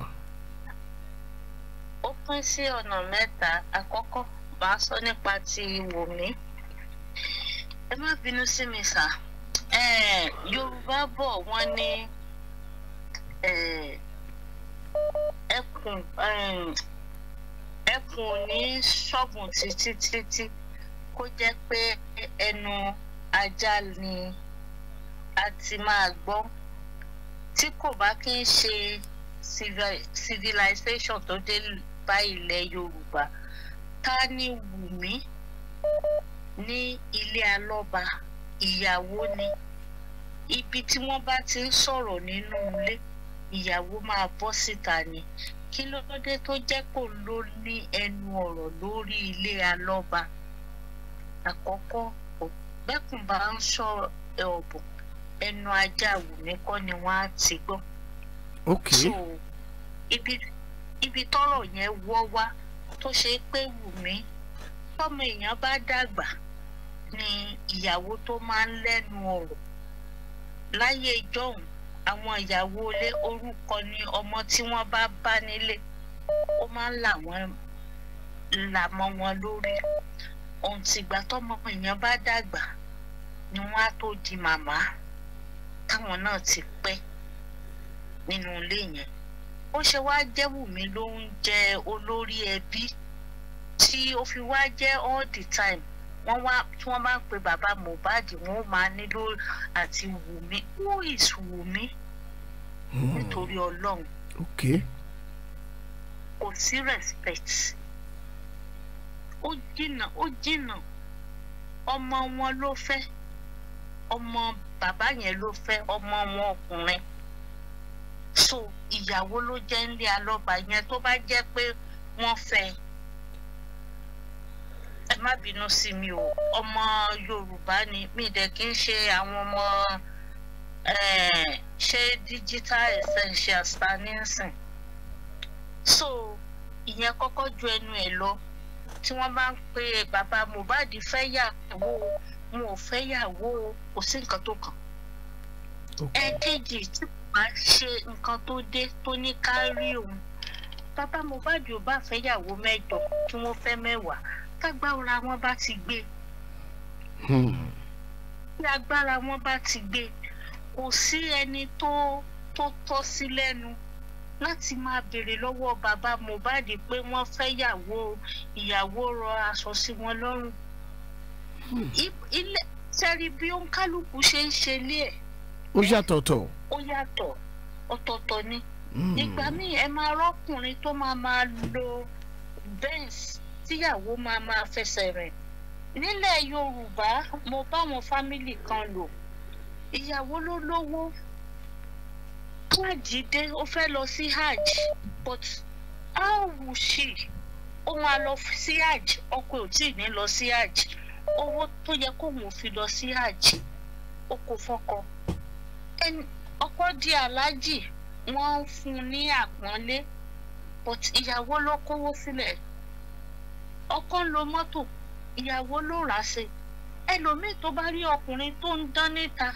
ó pín sí ọ̀nà mẹ́ta àkọ́kọ́ màá sọ nípa ti Wùmí ẹ má bínú sí mi sà yorùbá bọ̀ wọ́n ní. Eh, ẹkùn um, ẹkùn ní ṣọ́ọ̀bù títí títí kó jẹ́ pé ẹnu ajá ni a ti máa gbọ́ tí kò bá kí ń ṣe civilization tó dé bá ilẹ̀ Yorùbá ta ni Wùmí ní ilé alọ́ba ìyàwó ni ibi tí wọ́n bá ti ń sọ̀rọ̀ nínú ilé. No ìyàwó máa bọ́ síta ni kí ló dé tó jẹ́ kó ló ní ẹnu ọ̀rọ̀ lórí ilé alọ́ba àkọ́kọ́ bẹ́kùn bá ń sọ ọ̀bùn ẹnu ajá wùmí kọ́ ni wọ́n á ti gbọ́. okay. so ibi ibi tọ́rọ̀ yẹn wọ́ wá tó ṣe pé wùmí tọ́mọ èèyàn bá dàgbà ni ìyàwó tó máa ń lẹ́nu ọ̀rọ̀ láyé jọ̀hún àwọn ìyàwó ilé orúkọ ni ọmọ tí wọ́n bá bá nílé ó máa ń là wọ́n là mọ́ wọn lórí ohun tìgbà tọ́mọ èèyàn bá dàgbà ni wọ́n á tó di màmá táwọn náà ti pẹ́ nínú ilé yẹn ó ṣe wá jẹ́ Wùmí ló ń olórí ẹbí tí ó fi wá jẹ́ all the time wọ́n wá tí wọ́n bá pe bàbá Mohbad wọ́n máa nílò àti Wùmí who is Wùmí hmm. nítorí Ọlọ́run kò sí respect ó jìnnà ó jìnnà ọmọ wọn ló fẹ́ ọmọ bàbá yẹn ló fẹ́ ọmọ wọn ọkùnrin so ìyàwó ló jẹ́ ńlé alọ́ba yẹn tó bá jẹ́ pé wọ́n fẹ́ ẹ ẹ má bínú sí mi o ọmọ yorùbá ni mi dẹ̀ kí n ṣe àwọn ọmọ ṣé digital essentials ta ní sìn so ìyẹn kọ́kọ́ ju ẹnu ẹ̀ lọ tí wọ́n bá ń pe bàbá Mohbad fẹ́ yàwó wọn ò fẹ́ yàwó kò sí nǹkan tó kàn ẹ̀ẹ́dẹ́jì tí kò bá ṣe nǹkan tó dé tó ní ká rí òun bàbá Mohbad ò bá fẹ́ yàwó mẹ́jọ kí wọ́n fẹ́ mẹ́wàá tágbára wọn bá ti gbé tí hmm. agbára wọn bá ti gbé kò sí ẹni tó tó tọ́ sí lẹ́nu láti máa béèrè lọ́wọ́ bàbá Mohbad pé wọ́n fẹ́ yàwó ìyàwó rọ aṣọ sí wọn lọ́rùn hmm. ilé sẹ́rí bí ó ń kálukú ṣe ń ṣe lé ẹ̀. ó yàtọ̀ tọ̀. ó yàtọ̀ ọ̀tọ̀ọ̀tọ̀ ni. Hmm. ìgbà míì ẹ máa rọ́kùnrin tó máa máa lo benz tíyàwó máa máa fẹsẹ̀ rìn nílẹ̀ yorùbá mo bá wọn fámìlì kan lò ìyàwó ló lówó hajj ó fẹ́ lọ sí hajj but how will ó máa lọ sí hajj ọkọ ò tí ì ní lọ sí hajj owó tó yẹ kóun fi lọ sí hajj ó kò fọkọ ọkọ di aláàjì wọ́n fún un ní àpọ́nlé but ìyàwó ló kówó sílẹ̀ ọkọ ń lo mọ́tò ìyàwó ló rà á sí ẹlòmíì tó bá rí ọkùnrin tó ń dán níta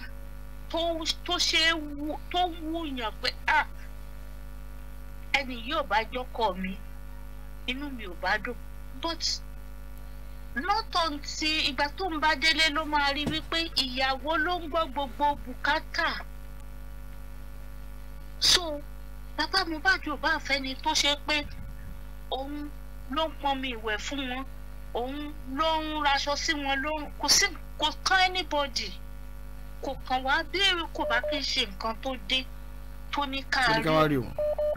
tó ṣe é wú tó ń wú yàn pé à ẹni yóò bá jọkọ mi inú mi ò bá dùn but lọ́tọ̀ ti ìgbà tó ń bá délé ló máa rí wípé ìyàwó ló ń gbọ́ gbogbo bùkátà so bàbá Mohbad ò bá fẹ́ni tó ṣe pé òun ló ń pọnmi ìwẹ̀ fún wọn òun ló ń raṣọ sí wọn ló ń kò sí kò kàn anybody kò kàn wá bí kò bá kí n ṣe nǹkan tó dé tó ní káàárẹ̀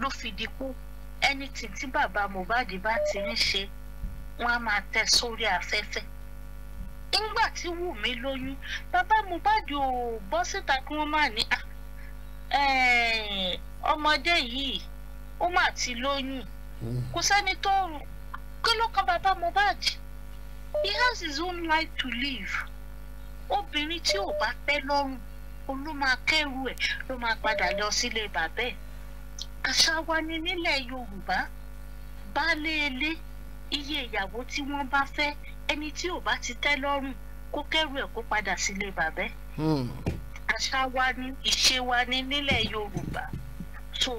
ló fi di pé anything tí bàbá Mohbad bá ti ń ṣe wọn á máa tẹ sórí afẹ́fẹ́ nígbà tí Wùmí lóyún bàbá Mohbad ò bọ́ síta kí wọ́n máa ní ah, eh, ọmọdé yìí ó mà ti lóyún hmm. kò sẹ́ni tó kí ló kan bàbá Mohbad he has his own life to live obìnrin tí ò bá tẹ́ lọ́rùn olú máa kẹ́rù ẹ̀ ló máa padà lọ sílé bàbá ẹ̀ àṣà wa ni nílẹ̀ Yorùbá baálé ilé iye ìyàwó tí wọ́n bá fẹ́ ẹni tí ò bá ti tẹ́ lọ́rùn kó kẹ́rù ẹ̀ kó padà sílé bàbá ẹ̀ hmm. àṣà wa ni ìṣe wa ni nílẹ̀ Yorùbá so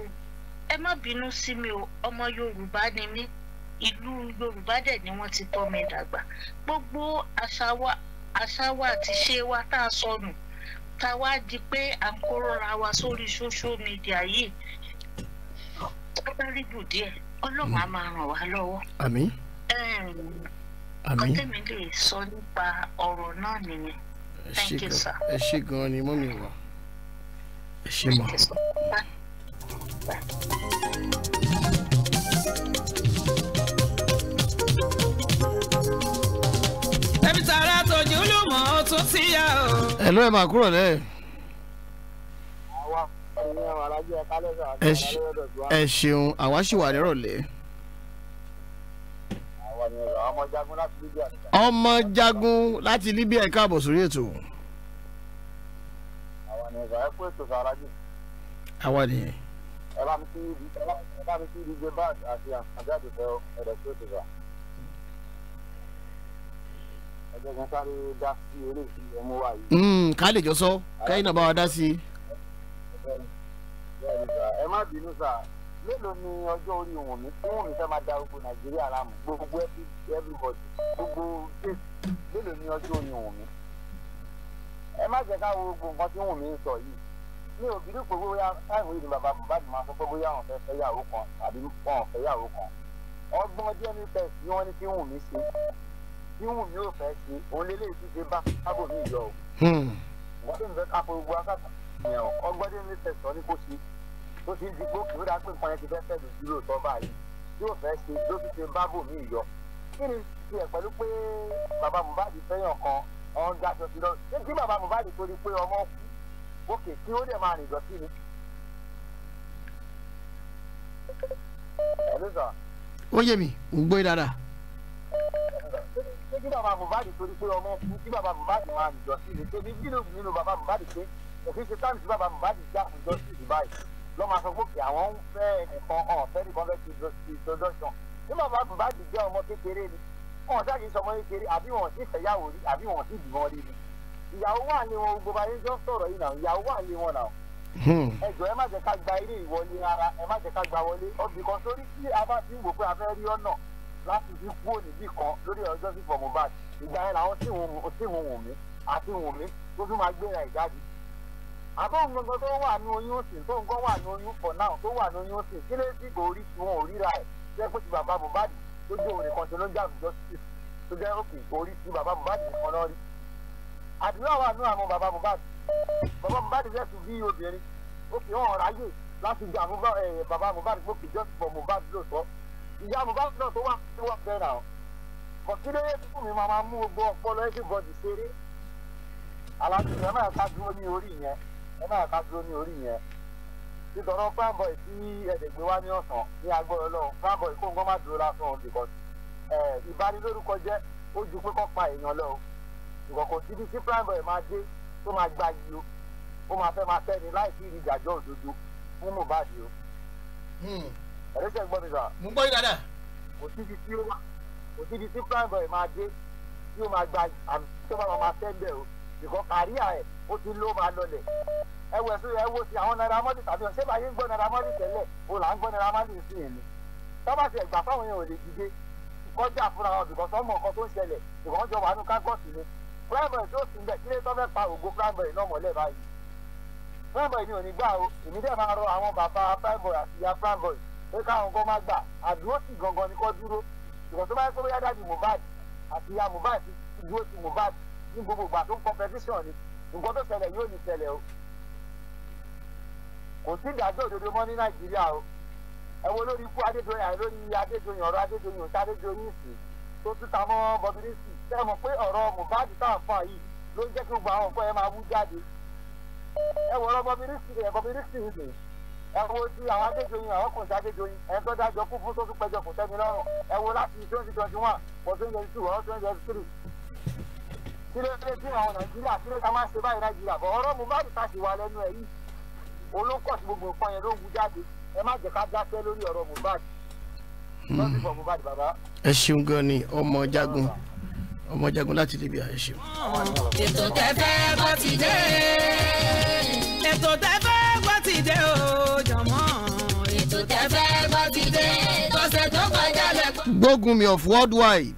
ẹ má bínú sí mi o ọmọ Yorùbá ni mí ìlú yorùbá dẹ̀ ni wọ́n ti tọ́ mi dàgbà gbogbo àṣà wa àti ṣe wa tá a sọnù ta wá di pé à ń kórora wa sórí social media yìí tábàrí bù díẹ̀ ọlọ́run á máa ràn wá lọ́wọ́. àmín. àmín. ọtẹ́mi lè sọ nípa ọ̀rọ̀ náà nìyẹn. thank you sir. ẹ ṣé gan-an ni mọ́mí wa ẹ ṣé mọ́. Thank you, sir. tún ti yá o. ẹnu ẹ máa kúrò lẹ́yìn. ẹ ṣeun àwa ṣì wà nírọ̀lẹ́. ọmọ jagun láti Libya ẹ̀ka àbọ̀ sórí ètò. àwa nìyẹn. ẹ bá mi sí ibi ẹ bá mi sí ibi gbé báàgì àti àjáde fẹ́ ẹ̀rẹ̀ tó ti rà. kankan sáré dá sí orí ìfi ẹmu hmm, ká lè jọ sọ káyìn náà bá wa dá sí i. ẹ má bínú sà mélòó ni ọjọ́ orí wọn mi fún mi fẹ́ máa da nàìjíríà láàmú gbogbo everybody gbogbo state mélòó ni ọjọ́ orí wọn mi. ẹ má jẹ́ ká wo gbogbo nǹkan tí wọn mi ń sọ yìí mi ò bí dípò bóyá táìmù yìí ni bàbá bàbá mi máa sọ bóyá àwọn fẹ́ fẹ́ kan tàbí wọn ò kan ọgbọ́n jẹ́ ní tẹ̀sí wọn ní kí wọn mi ṣe níwùn mi ò fẹ́ ṣe òun lé léyìí ṣíṣe bá sábò mi yọ o. Hmm. wọ́n ti ń fẹ́ káfọ́ gbogbo akáta yẹn o ọgbọ́n dé ní tẹ̀sán ní kò sí tó ti ń di gbókè ó dáa pé nǹkan yẹn ti fẹ́ fẹ́ẹ́ dùn lóòótọ́ báyìí yóò fẹ́ ṣe ló fi ṣe bábò mi yọ. kí ni tiẹ̀ pẹ̀lú pé bàbá Mohbad fẹ́yàn kan ọ̀hún dáṣọ sí lọ kí bàbá Mohbad torí pé ọmọ kú òkè kí ó dẹ̀ máa rìn ìdọ̀tí ni. ó yé mi ò ń gbé dáadáa ṣé kí bàbá Mohbad torí pé ọmọ fún kí bàbá Mohbad máa nìjọ sí ilé ṣé bí nínú bàbá Mohbad pé òfin ṣe táàmì sí bàbá Mohbad já ìjọ sí ìdìbáyìí lọ́mọ àfọwọ́pẹ́ àwọn ń fẹ́ ẹ̀kan ọ̀hún fẹ́ nìkan fẹ́ ti introduction ní bàbá Mohbad jẹ́ ọmọ kékeré ni wọn ṣáà kì í sọmọ kékeré àbí wọn sì fẹ́yàwó rí àbí wọn sì bímọ rí ni ìyàwó wà ní wọn gbogbo ayé jọ sọ̀rọ̀ yìí náà ìyàwó wà ní wọn náà hmm. ẹjọ ẹ má jẹ́ ká gba ilé ìwọlé ara ẹ má jẹ́ ká gba wọlé ọbì sórí tí a bá ti ń wò pé a fẹ́ rí ọ̀nà láti fi kúrò níbì kan lórí ọjọ́ sí for Mohbad ìgbà yẹn làwọn tí wọ́n wù mí àti wù mí tó tún máa gbéra ìjáde àbọ̀n gbọ̀ngàn tó wà ní oyún òsìn tó ń gbọ́ wà ní oyún for now tó wà ní oyún òsìn kí ló sì gbò orí tí wọn ò ríra ẹ̀ jẹ́ pé ti bàbá Mohbad tó gbé òun nìkan ṣe ló ń jà àwùjọ sí tó jẹ́ òkè orí tí bàbá Mohbad nìkan lọ́ọ́ rí àdúrà wà nú àwọn bàbá Mohbad bàbá Mohbad fẹ́ bí obìnrin ó fi hàn ráyè láti jà eh, Mohbad fòkè just ìyá Mohbad náà tó wà tó wà fẹ́ rà ọ́ kò kí lóye fún mi máa mú gbogbo ọpọlọ everybody ṣeré aláàbí ẹ máa ká dúró ní orí yẹn ẹ máa ká dúró ní orí yẹn títọ̀rọ̀ fanboy tí ẹ̀ẹ́dẹ̀gbẹ́ wá ní ọ̀sán ní agbọ́dọ̀ ọlọ́run fanboy kó nǹkan má dúró lásán because ìbanilórúkọ jẹ́ ó ju pé kọ́ pa èèyàn lọ ìkọ̀kọ̀ síbi tí fanboy máa dé tó máa gba yìí ó máa fẹ́ máa fẹ́ ni láì sí ìdíjàjọ́ òdodo fún Mohbad o. Hmm ẹ̀rẹ́sẹ̀ gbọ́ mi sà. mo ń gbọ́ yín dáadáa. kò síbi tí ó wà kò síbi tí prime boy máa dé tí ó máa gba àmì tó bá máa fẹ́ bẹ̀ o ìkọ́ kàríà ẹ̀ ó ti ló máa lọlẹ̀ ẹ wẹ̀ sí ẹ wo ti àwọn naira mọ́tì tàbí ọ̀sẹ̀ bá yín gbọ́ naira mọ́tì tẹ́lẹ̀ o là ń gbọ́ naira mọ́tì sí yẹn ni tọ́ba ti ẹ̀gbà fáwọn èèyàn ò lè dìde kọjá fúnra wọn bìkọ́ sọ́mọ nǹkan tó ń ṣẹlẹ̀ ìwọ́n jọ wà ní kágọ́ọ̀sì ni prime boy tó sì ń bẹ̀ kílé tó fẹ́ pa ògo prime náà mọ́lẹ̀ báyìí prime ni ò ní gbà o èmi dẹ̀ máa rọ àwọn bàbá prime àti ìyá prime pé káwọn kan máa gbà àdúró sì gangan ni kọ́ dúró ìwọ̀n tó bá yẹ kó bóyá dájú Mohbad àti ìyá Mohbad ti dúró ti Mohbad ní gbogbo ìgbà tó ń competition ni nǹkan tó ṣẹlẹ̀ yóò ní ṣẹlẹ̀ o kò sí ìdájọ́ òdodo mọ́ ní Nàìjíríà o ẹ wo lórí ikú Adédoyin àìló ní Adédoyin ọ̀rọ̀ Adédoyin òṣà Adédoyin sì tó túta mọ́ bọ́bírísì ṣe mọ̀ pé ọ̀rọ̀ Mohbad tá à ń fà yìí ló ń jẹ́ kí gbogbo àwọn nǹkan yẹn máa wú jáde ẹ wọ̀rọ̀ bọ́bírísì ẹ̀ bọ́bírísì ń ẹ wo ti àwọn Adédoyin àwọn kò sí Adédoyin ẹni tó dájọ́ kú fún tó tún kò tẹ́mi lọ́rùn ẹ wo láti twenty twenty one for twenty twenty two or twenty twenty three kí ló dé sí àwọn Nàìjíríà kí ló dá máa ṣe báyìí Nàìjíríà bọ̀ ọ̀rọ̀ Mohbad ta sì wà lẹ́nu ẹ̀ yìí olóńkọ̀ sí gbogbo nǹkan yẹn ló wú jáde ẹ má jẹ́ ká dákẹ́ lórí ọ̀rọ̀ Mohbad lọ́sì ọmọ jagun ọmọ jagun láti Libya ẹ ètò tẹ́fẹ́ bá ti dé ètò tẹ́fẹ́ gbọ́ o jọ̀mọ́. ètò tẹ́fẹ́ gbọ́ ti tọ́sẹ̀ tó kọjá lẹ́kọ̀ọ́. Gbógunmi of worldwide.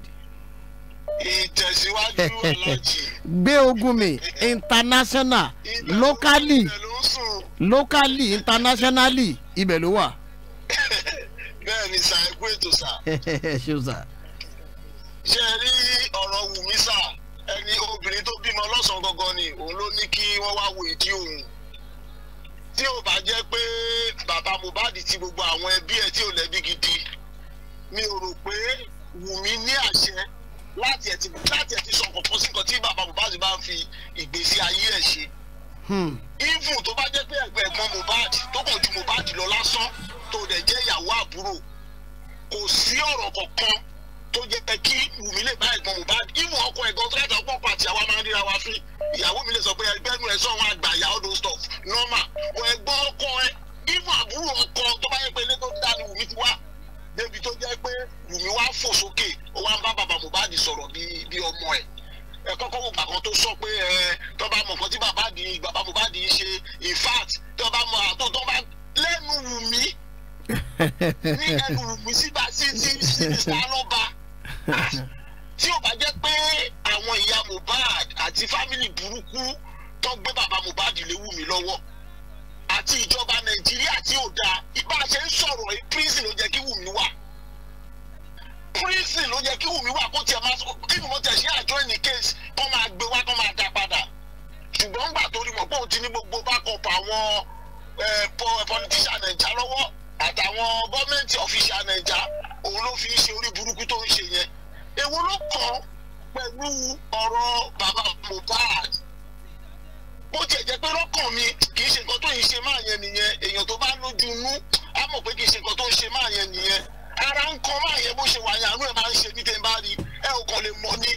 ìtẹ̀síwájú lọ́jì. gbé Ògúnmi international locally locally internationally ibẹ̀ ló wà. bẹ́ẹ̀ ni sà ẹ kú ètò sà. ṣé o sà. ṣé rí ọ̀rọ̀ Wùmí sà ẹni obìnrin tó bímọ lọ́sàn-án gangan ni òun ló ní kí wọ́n wá wo ìdí òun tí ò bá jẹ́ pé bàbá Mohbad ti gbogbo àwọn ẹbí ẹ̀ tí ò lẹ́bí gidi mi ò rò pé Wùmí ní àṣẹ láti ẹ̀ ti láti ẹ̀ ti sọ kọ̀ọ̀kan sí nǹkan tí bàbá Mohbad bá ń fi ìgbésí ayé ẹ̀ ṣe. Hmm. even tó bá jẹ́ pé ẹ̀gbẹ́ ẹ̀gbọ́n Mohbad tó kàn ju Mohbad lọ lásán tó dẹ̀ jẹ́ ìyàwó àbúrò kò sí ọ̀rọ̀ kankan tó jẹ́ kí Wùmí lè bá ẹ̀gbọ́n Mohbad ìwọ̀n ọkọ ẹ̀gbọ́n tó láti ọpọ́ pàtì àwa máa ń ríra wa sí ìyàwó mi lè sọ pé ẹgbẹ́nu ẹ̀ sọ̀rọ̀ àgbàyà ọdún stuff normal wọ ẹ̀gbọ́n ọkọ ẹ ìwọ̀n àbúrò ọkọ tó bá yẹ pé ilé tó dání Wùmí ti wá débi tó jẹ́ pé Wùmí wá fò sókè ó wá ń bá bàbá Mohbad sọ̀rọ̀ bí ọmọ ẹ̀ ẹ kọ́kọ́ wo bàbá tó sọ pé ẹ tó bá mọ̀ nǹkan tí bàbá tí ò bá jẹ́ pé àwọn ìyá Mohbad àti fámìlì burúkú tó gbé bàbá Mohbad léwu mi lọ́wọ́ àti ìjọba Nàìjíríà tí ò dáa ìbá ṣe ń sọ̀rọ̀ yìí prison ló jẹ́ kí Wùmí wà prison ló yẹ kí Wùmí wà kó tiẹ̀ máa kí mo tẹ̀ ṣe àjọ ẹnì case kó máa gbé wá kó máa dá padà ṣùgbọ́n gbà torí mọ̀ pé òun ti ní gbogbo bákọ̀pù àwọn eh, politician Nàìjíríà lọ́wọ́ àtàwọn gọ́ọ̀mẹ̀ntì ọ̀fíṣà nàìjà òun ló fi ń ṣe orí burúkú tó ń ṣe yẹn èwo ló kàn pẹ̀lú ọ̀rọ̀ bàbá Mohbad bó tiẹ̀ jẹ́ pé lọ́kàn mi kì í ṣe nǹkan tó ń ṣe máa yẹn nìyẹn èèyàn tó bá lójú inú á mọ̀ pé kì í ṣe nǹkan tó ń ṣe máa yẹn nìyẹn ara ń kọ́ máa yẹ bó ṣe wà yẹn àánú ẹ̀ máa ń ṣe ní tẹ́ ń ò kàn lè mọ̀ ni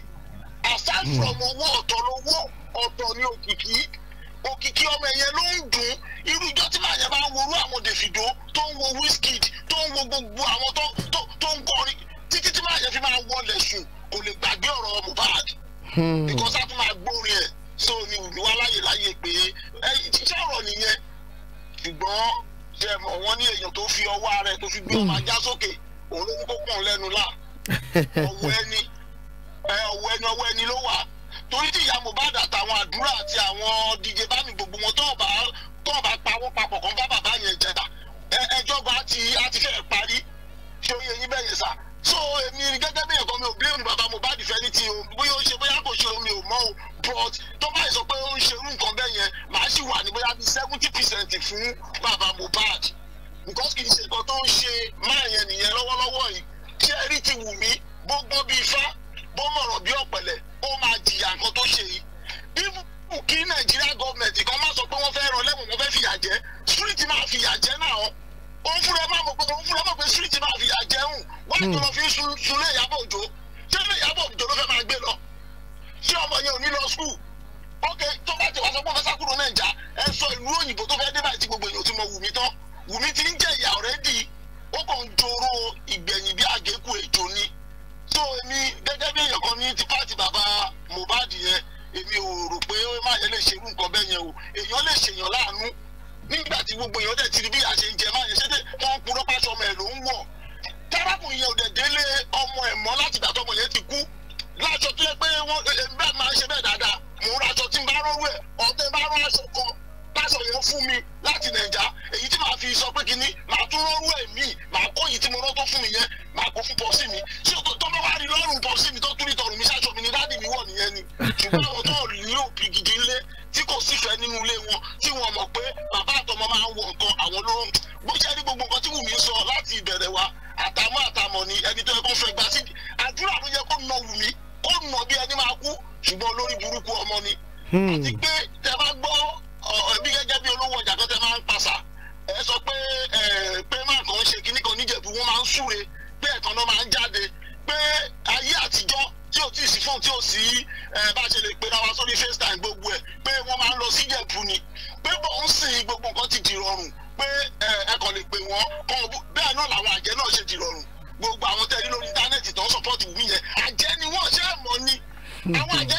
aside hmm. from owó ọ̀tọ̀ lówó ọ̀tọ̀ ni òkìkí òkìkí ọmọ ẹ̀yẹn ló ń dùn irú ìjọ tí màá yẹn bá ń worú àwọn Davido tó ń wo Wizkid tó ń wo gbogbo àwọn tó ń kọrin títí tí màá yẹn fi máa wọlé sùn kò lè gbàgbé ọ̀rọ̀ Mohbad hmm. because a tún máa gbórin ẹ̀ so ni wà láyè láyè pé ẹ ṣiṣẹ́ ọ̀rọ̀ nìyẹn ṣùgbọ́n ṣe mọ̀ wọ́n ní èèyàn tó fi ọwọ́ ara tó fi gbé ọmọ hmm. ajá sókè òun ló ń kó lẹ́nu là ọwọ́ ẹni ọwọ́ ẹni ọwọ́ ẹni ló wà torí tí ìyá Mohbad àtàwọn àdúrà àti àwọn DJ Bami gbogbo wọn tó bá tó bá pawọ́ papọ̀ kan bá bàbá yẹn jẹta ẹjọ́ bá ti àti fẹ́ parí ṣé oye yín bẹ́yẹn sà so èmi gẹ́gẹ́ bí ẹ̀kọ́ mi ò blame bàbá Mohbad fẹ́ ní ti o bóyá ó ṣe bóyá kò ṣe omi ò mọ́ o but tó bá sọ pé ó ń ṣerú nǹkan bẹ́ẹ̀ yẹn màá sì wà ní bóyá bíi seventy percent fún bàbá Mohbad because kì í ṣe nǹkan tó ń ṣe máa bó mọrọ bí ọ̀pẹ̀lẹ̀ ó máa jìyà nǹkan tó ṣe yìí bí kí nàìjíríà gọ́ọ̀mẹ̀ntì kan má sọ pé wọ́n fẹ́ rọ lẹ́wọ̀n wọ́n fẹ́ fìyà jẹ súrìtì máa fìyà jẹ náà òun fúnra máa mọ̀ pé òun fúnra pé súrìtì máa fìyà fi ń ìyàbọ̀ òjò ṣé ilé ìyàbọ̀ lọ ṣé ọmọ yẹn ò ní lọ skul ok tó bá ti wá sọ pé fẹ́ sákúrò ẹ sọ ìlú òyìnbó tó fẹ́ dé báyìí tí gbogbo èèyàn mọ wùmí tán wùmí ti ń so èmi gẹ́gẹ́ bí èèyàn kan ní ti pàtì bàbá Mohbad yẹn èmi ò rò pé ó má yẹ lè ṣerú nǹkan bẹ́ẹ̀ yẹn o èèyàn lè ṣèyàn láàánú nígbà tí gbogbo èèyàn dẹ̀ ti rí bí a ṣe ń jẹ máa yẹn ṣé tó ń purọ́ pàṣọ ọmọ ẹ̀ ló ń wọ̀ tárákùnrin yẹn ò dẹ̀ délé ọmọ ẹ̀ mọ́ láti gbà tọmọ yẹn ti kú láṣọ tó yẹ pé wọ́n èmi bẹ́ẹ̀ máa ń ṣe bẹ́ẹ̀ dáadáa mò ń raṣọ tí ń bá rọ́rùn ẹ̀ ọ̀tẹ̀ bá rọ́ aṣọ kan pásọ yẹn fún mi láti nàìjà èyí tí màá fi sọ pé kínní màá tún rọrú ẹ míì màá kó èyí tí mo rọ́tọ́ fún mi yẹn màá kó fún pọ́sí mi tí o tó bá rí lọ́rùn pọ́sí mi tó tún rí tọrùn mi ṣáṣọ mi ni dáàdì mi wọ̀ nìyẹn ni ṣùgbọ́n àwọn tó rí òbí gidi ńlé tí kò sífẹ̀ẹ́ nínú ilé wọn tí wọ́n mọ̀ pé bàbá àtọmọ máa ń wọ nǹkan àwọn ló ń bó ṣe rí gbogbo nǹkan tí Wùmí sọ láti ìbẹ̀rẹ̀ wa àtàmọ́ àtàmọ́ ni ẹni tó yẹ kó fẹ́ gbà sí àdúrà ló yẹ kó nà Wùmí kó nà bí ẹni máa kú ṣùgbọ́n olórí burúkú ọmọ ni hmm. àti pé tẹ bá gbọ́ ẹbí gẹ́gẹ́ bí olówó ọjà kan tẹ́ máa ń pàṣà ẹ sọ pé pé má kàn ń ṣe kinní kan níjẹ̀bú wọ́n máa ń súre pé ẹ̀kan náà máa ń jáde pé ayé àtijọ́ tí ò tí ì sí fóònù tí ò sí bá a ṣe lè pera wa sórí FaceTime gbogbo ẹ̀ pé wọ́n máa ń lọ síjẹ̀bú ni pé bọ́ọ̀ ń sìn gbogbo nǹkan ti di rọrùn pé ẹ kàn lè pè wọ́n kọ́ bẹ́ẹ̀ náà làwọn àjẹ́ náà ṣe di rọrùn gbogbo àwọn tẹ́lẹ̀ lórí íńtánẹ́ẹ̀tì tó ń sọ́pọ́ọ̀tì wù mí yẹn àjẹ́ ni wọ́n ṣe é mọ̀ ni àwọn àjẹ́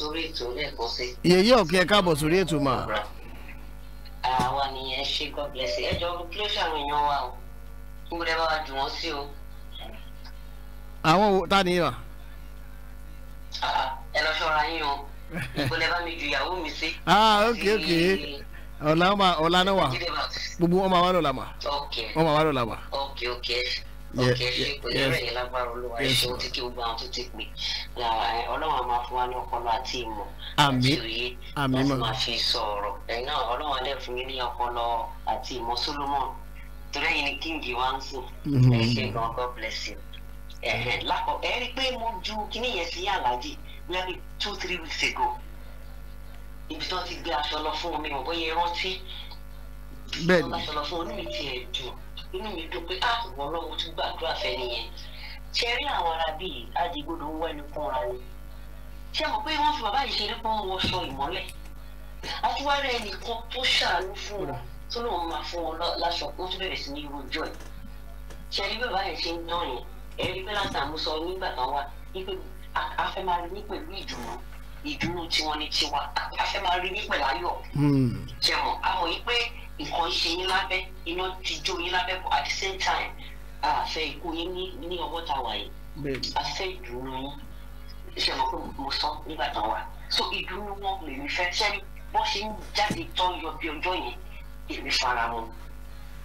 sórí ètò lẹ́ẹ̀kan sí. yèyé ọ̀kẹ́ káàbọ̀ sórí ètò mà. àwa nìyẹn ṣe god bless ẹ jọ kí ló ṣàwọn èèyàn wa o kí wọ́n bá wa jù wọ́n sí o. àwọn wo ta ni wa. ẹ lọ ṣọ́ra yín o ìgbọ́lẹ̀ bá mi ju ìyàwó mi sí. Ah, ok ok ọ̀la ọ̀ma ọ̀la náà wà gbogbo ọmọ wa lọ́la mà ọmọ wa lọ́la mà. ok ok ok ṣe pẹ̀lú ẹ̀yìn lágbára olúwa ẹ̀ ṣe ti kí gbogbo àwọn tó ti pè é ọlọ́run a máa fún wa ní ọpọlọ àti ìmọ̀ àti òye láti máa fi sọ̀rọ̀ ẹ̀yin náà ọlọ́run alẹ́ fún yín ní ọpọlọ àti ìmọ̀ Solomon torí ẹ̀yin ni kíngì wa ń sùn mm-hmm. ẹ ṣe gan God bless you lápò ẹ rí i pé mo ju kíní yẹn sí aláàjì bóyá bíi two three weeks ago ibi tí wọ́n ti gbé aṣọ lọ fún mi bóyá ẹ rántí bẹ́ẹ̀ ni wọ́n bá aṣọ lọ fún mi tiẹ̀ dùn inú mi dùn pé ah ìwọ ọlọ́run tún gbàdúrà fẹ́ nìyẹn ṣe rí àwọn ará bíi àjẹgbọdọ ń wá ẹni kúnra ni ṣé mo pé wọ́n fi bàbá yìí ṣeré pé wọ́n wọṣọ ìmọ́lẹ̀ àti wá rẹ ẹnìkan tó ṣàánú fún wọn tó lóun máa fún wọn láṣọ wọn tún bẹ̀rẹ̀ sí ní rojọ́ ẹ̀ ṣe rí bàbá yẹn ṣe ń dán yẹn ẹ̀rí pé láti àmúsọ nígbà kan wá wípé afẹ́ máa rí ní pẹ̀lú ìdùnnú ìdùnnú tiwọn ni tiwa afẹ́ máa rí ní pẹ̀lú ayọ̀ hmm. ṣẹ̀mọ̀ àmọ̀ yìí pé nǹkan ṣe yín lábẹ́ iná ti jó yín lábẹ́ at the same time àfẹ́ ikú yín ní ní ọwọ́ wà yìí àfẹ́ ìdùnnú yín ṣe mọ̀ pé mo sọ nígbà tán wa so ìdùnnú wọn lèmi fẹ́ sẹ́ni bọ́n ṣe ń jáde tán yọ bí ọjọ́ yẹn èmi fara mọ́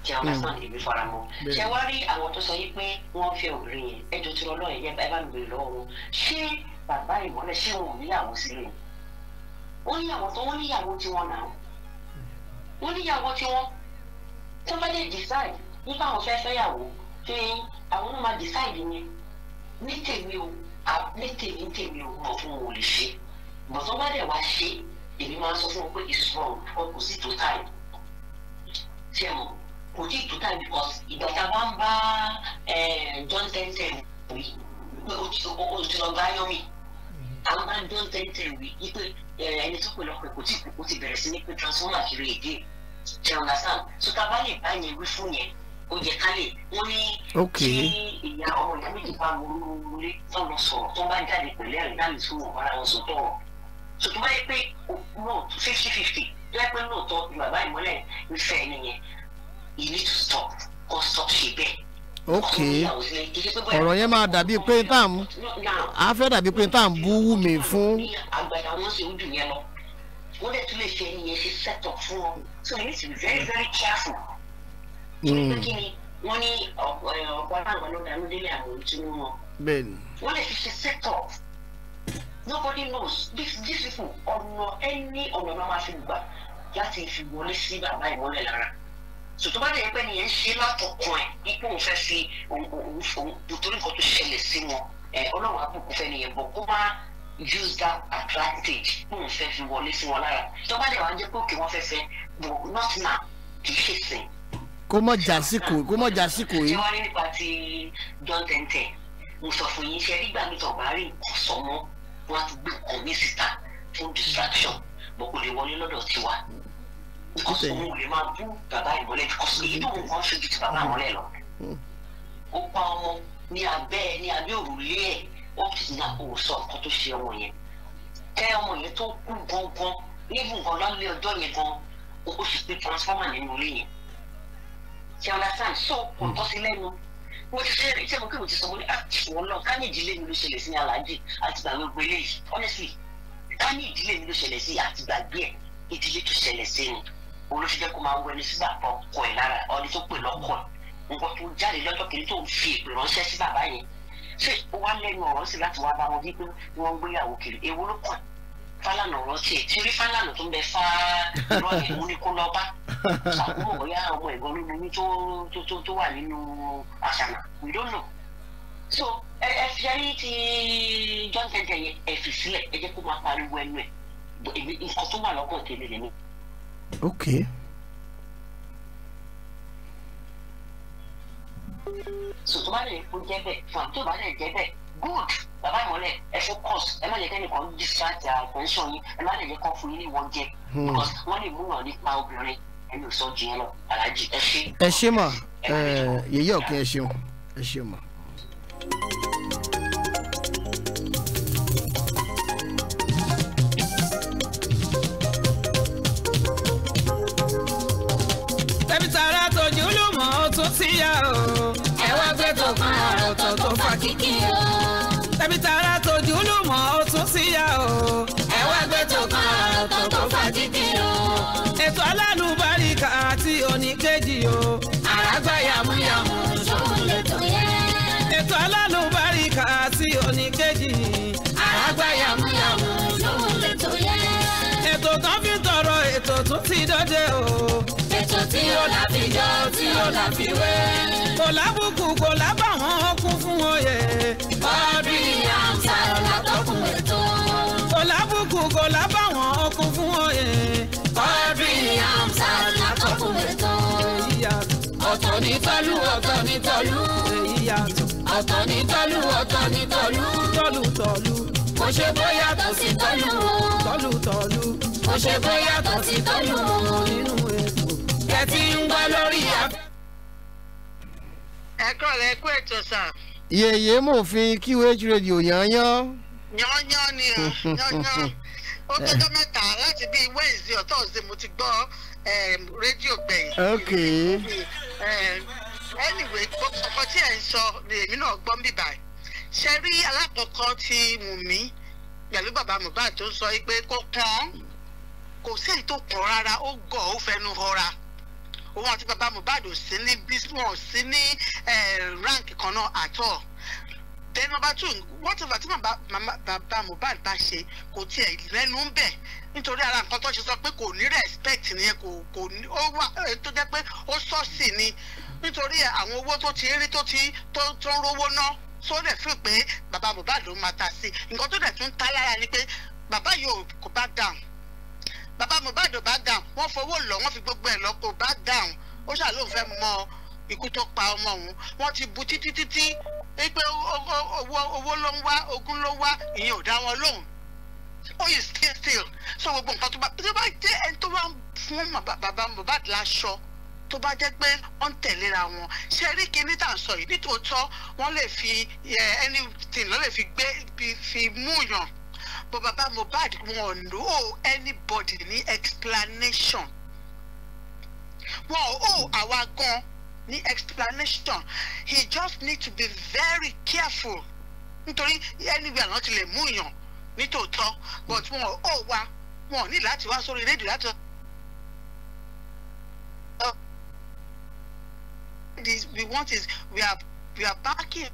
tí àwọn lásán èmi fara mọ́ ṣe wá rí àwọn tó sọ yìí pé wọ́n fẹ́ obìnrin yẹn ẹjọ́ tí lọ́lọ́ yẹn ẹ bá mi bèrè wọn ṣé bàbá ìmọ̀lẹ̀ ṣé wọn ò níyàwó sílẹ̀ wọ́n níyàwó tó wọ́n níyàwó tí wọ́n nà wọ́n níyàwó tí wọ́n tó bá lè decide nípa àwọn fẹ́ fẹ́yàwó ṣé àwọn ọmọ máa decide yẹn ní tèmi o ní tèmi ní tèmi o mọ̀ fún wọn ò lè ṣe bọ̀tán bá dẹ̀ wá ṣe èmi máa sọ fún wọn pé it's wrong wọn kò sí tó time ṣé kò sí tó time because ìgbà tá a bá ń bá John ten ten wí pé o ti lọ bá yọ mi àwọn bá ń John ten ten wí wípé ẹni tó pè lọ́pẹ́ kò tí kò ti bẹ̀rẹ̀ sí ní pé transformer kiri èdè ṣe understand so tá a bá lè bá yẹn wí fún yẹn ó yẹ ká lè wọ́n ní tí ìyá ọmọ ìyá méjì bá wọnú ilé wọ́n lọ sọ̀rọ̀ tó bá jáde pẹ̀lú ẹ̀rí náà nìṣó wọn bára wọn sọ̀tọ̀ ṣùgbọ́n báyìí pé náà fifty fifty bẹ́ẹ̀ pé lóòótọ́ bàbá ìmọ́lẹ̀ ìfẹ́ ẹni yẹn you need to stop kó stop ṣe bẹ́ẹ̀ ok ọ̀rọ̀ yẹn máa dàbí pé tá à ń á fẹ́ dàbí pé tá à ń bú Wúmi fún. àgbàdo àwọn ṣe ń yẹn lọ wọ́n lè tún lè ṣe ẹni yẹn ṣe set up fún ọ so you need to be very very careful nítorí wọ́n ní ọ̀pọ̀ aláwọ̀ ló délé àwọn ìtumọ̀ wọn. bẹ́ẹ̀ni. wọ́n lè fi ṣe set up nobody knows this this people ọ̀nà ẹni ọ̀nà náà máa fi gbà láti fi wọlé sí bàbá ìwọlé lára sòtò bá dẹ̀ pẹ́ ni ṣe látọkàn ẹ̀ ipò òun fẹ́ fi òun fòun nítorí nǹkan tó ṣẹlẹ̀ sí wọn ọlọ́run àbùkù fẹ́ nìyẹn bọ̀ kó má use that advantage kó òun fẹ́ fi wọlé sí wọn lára tó bá dẹ̀ wá jẹ́ pé òkè wọn fẹ́ fẹ́ but not now kì í ṣe sìn kó mọ̀ jásìkò kó mọ̀ jásìkò yìí. ṣé wàá rí nípa ti John Tente mo sọ fún yín ṣe nígbà mi tọ̀gbà rí nǹkan sọ mọ́ wọ́n á ti gbé nǹkan mi síta fún distraction mo kò lè wọlé lọ́dọ̀ tiwa because òun ò lè máa bú bàbá ìmọ̀lẹ́ because èyí tó ń kọ́ ṣe ju ti bàbá ìmọ̀lẹ́ lọ hmm. ó pa ọmọ ní abẹ́ ní abẹ́ òrùlé ẹ̀ ó ti ní àkóso sọ nǹkan tó ṣe ọmọ yẹn tẹ ọmọ yẹn tó kú gangan níbi lálẹ́ ọjọ́ yẹn gan ó sì pé transformer nínú ilé yẹn ṣe understand so kò bọ́ sí lẹ́nu mo ti ṣe ṣé mo kí mo ti sọ mo ní àtúwọ́ náà ká ní ìdílé mi ló ṣẹlẹ̀ sí aláàjì àti gbàgbé gbé léyìí honestly ká ní ìdílé mi ló ṣẹlẹ̀ sí àti gbàgbé ẹ̀ ìdílé tó ṣẹlẹ̀ sí ni olóṣèjẹ́ kó máa wẹni sí bàbá ọkọ ẹ̀ lára ọdún tó pè lọ́kọ̀ nǹkan tó jáde lọ́jọ́ kìíní tó ń fi èpè ránṣẹ́ sí bàbá yẹn ṣé wàá lẹ́nu ọ̀rọ̀ sí láti wá bá wọn wípé wọ́n ń gbéyàwó kiri èwo ló kàn Fálànà rántí ẹ̀ tí rí Fálànà tó ń bẹ fá lọ́ọ̀yẹ̀ mú ní kó lọ bá ṣàkóso bóyá ọmọ ẹ̀gbọ́n nínú yín tó tó wà nínú àṣàmà we don't know so ẹ ẹ fi ayé ti John tẹ̀tẹ̀ yẹn ẹ fi sílẹ̀ ẹ jẹ́ kó máa pariwo ẹnu ẹ̀ nǹkan tó wà lọ́kàn tèmi lẹ́nu. okay. sòtò e bá e lè kó jẹ́ fún tó bá lè jẹ́ good bàbá ìmọ̀lẹ̀ ẹ focus ẹ má yẹ kẹ́ni kan distract attention yín ẹ má lè yẹ kán fún yín ní wọ́n jẹ because wọ́n lè múyàn nípa obìnrin ẹni ò sọ jù yẹn lọ aláàjì ẹ ṣe. ẹ ṣe mà yèyé ọ̀kẹ́ ẹ ṣeun ẹ ṣe mà. tún ti yá o. ẹ wá gbé tó kan ọ̀rọ̀ tó tó fa kíkì o. tẹ̀mí tara tójú lù mọ́ ó tún ti yá o. ẹ wá gbé tó kan ọ̀rọ̀ tó tó fa kíkì o. ètò alálùbáríkà àti oníkejì o. àràgbá yàmúyàmú ṣòwò lè tó yẹ. ètò alálùbáríkà àti oníkejì. àràgbá yàmúyàmú ṣòwò lè tó yẹ. ètò tán fi tọrọ ètò tún ti dọ́dẹ o tí ó là fi jọ tí ó là fi wé. kò lábùkù kò lábàwọ́n ó kún fún oyè. bọ́ọ̀dù ìyá ń ta ọ̀la tó kún ètò. kò lábùkù kò lábàwọ́n ó kún fún oyè. bọ́ọ̀dù ìyá ń ta ọ̀la tó kún ètò. ọ̀tọ̀ ní tọ́lú ọ̀tọ̀ ní tọ́lú. ọ̀tọ̀ ní tọ́lú ọ̀tọ̀ ní tọ́lú. tọ́lú tọ́lú. kò ṣe bóyá tó sì tọ́lú. tọ́lú tọ́lú. kò ṣe bóyá tó sì tọ́lú lẹ ti ń gbọ́ lórí afẹ́. ẹ kọ́ lẹ kú ètò sà. yèyé mòfin QH radio yányán. yányán ni o ó eh. tọjọ́ mẹ́ta láti bíi Wednesday ọ̀tọ̀ ọ̀sẹ̀ mo ti gbọ́ eh, rédíò gbẹ̀yìn. Eh, anyway gbogbo tí ẹ ń sọ ni èmi náà gbọ́ ń bìbà ṣe rí alákọ̀ọ́kọ́ ti wù mí pẹ̀lú bàbá Mohbad tó ń sọ pé kó kàn án kò sí èyí tó kàn rárá ó gọ̀ ó fẹnu họra òun àti bàbá Mohbad ò sí ní bísímọ̀ ò sí ní rank kan náà àtọ̀ then number two whatever tí bàbá Mohbad bá ṣe kò tiẹ̀ lẹ́nu ń bẹ̀ nítorí ara nǹkan tó ṣe sọ pé kò ní respect nìyẹn kò kò ní ó wà tó jẹ́ pé ó sọ́ọ̀sì ni nítorí àwọn owó tó ti rí tó ti tó tó ń rówó ná tó dẹ̀ fi pé bàbá Mohbad ló máa ta sí nǹkan tó dẹ̀ tún ta lára ni pé bàbá yóò kó bá dáhùn bàbá Mohbad bá gà wọ́n fowó lọ wọ́n fi gbogbo ẹ̀ lọ kó bá gà òun ó ṣàlóhùn fẹ́ mọ ikú tó pa ọmọ òun wọ́n ti bu títí títí pé owó ló ń wá ogún ló ń wá ìyẹn ò dá wọn lóhùn ó yìí still still so gbogbo nǹkan tó bá tó bá jẹ́ ẹni tó bá ń fún bàbá Mohbad láṣọ tó bá jẹ́ pé wọ́n ń tẹ̀léra wọn ṣe rí kíní tà ń sọ yìí nítòótọ́ wọ́n lè fi eh, anything ló lè fi gbé fi mú yàn but bàbá Mohbad wọn no anybody ní explanation wọn ò oh, àwa gan ní explanation he just need to be very careful nítorí anywhere náà ti lè mú yàn nítòótọ́ but wọn ò oh, wá wọn ní láti wá sórí rédíò láti This we want is we are we are backing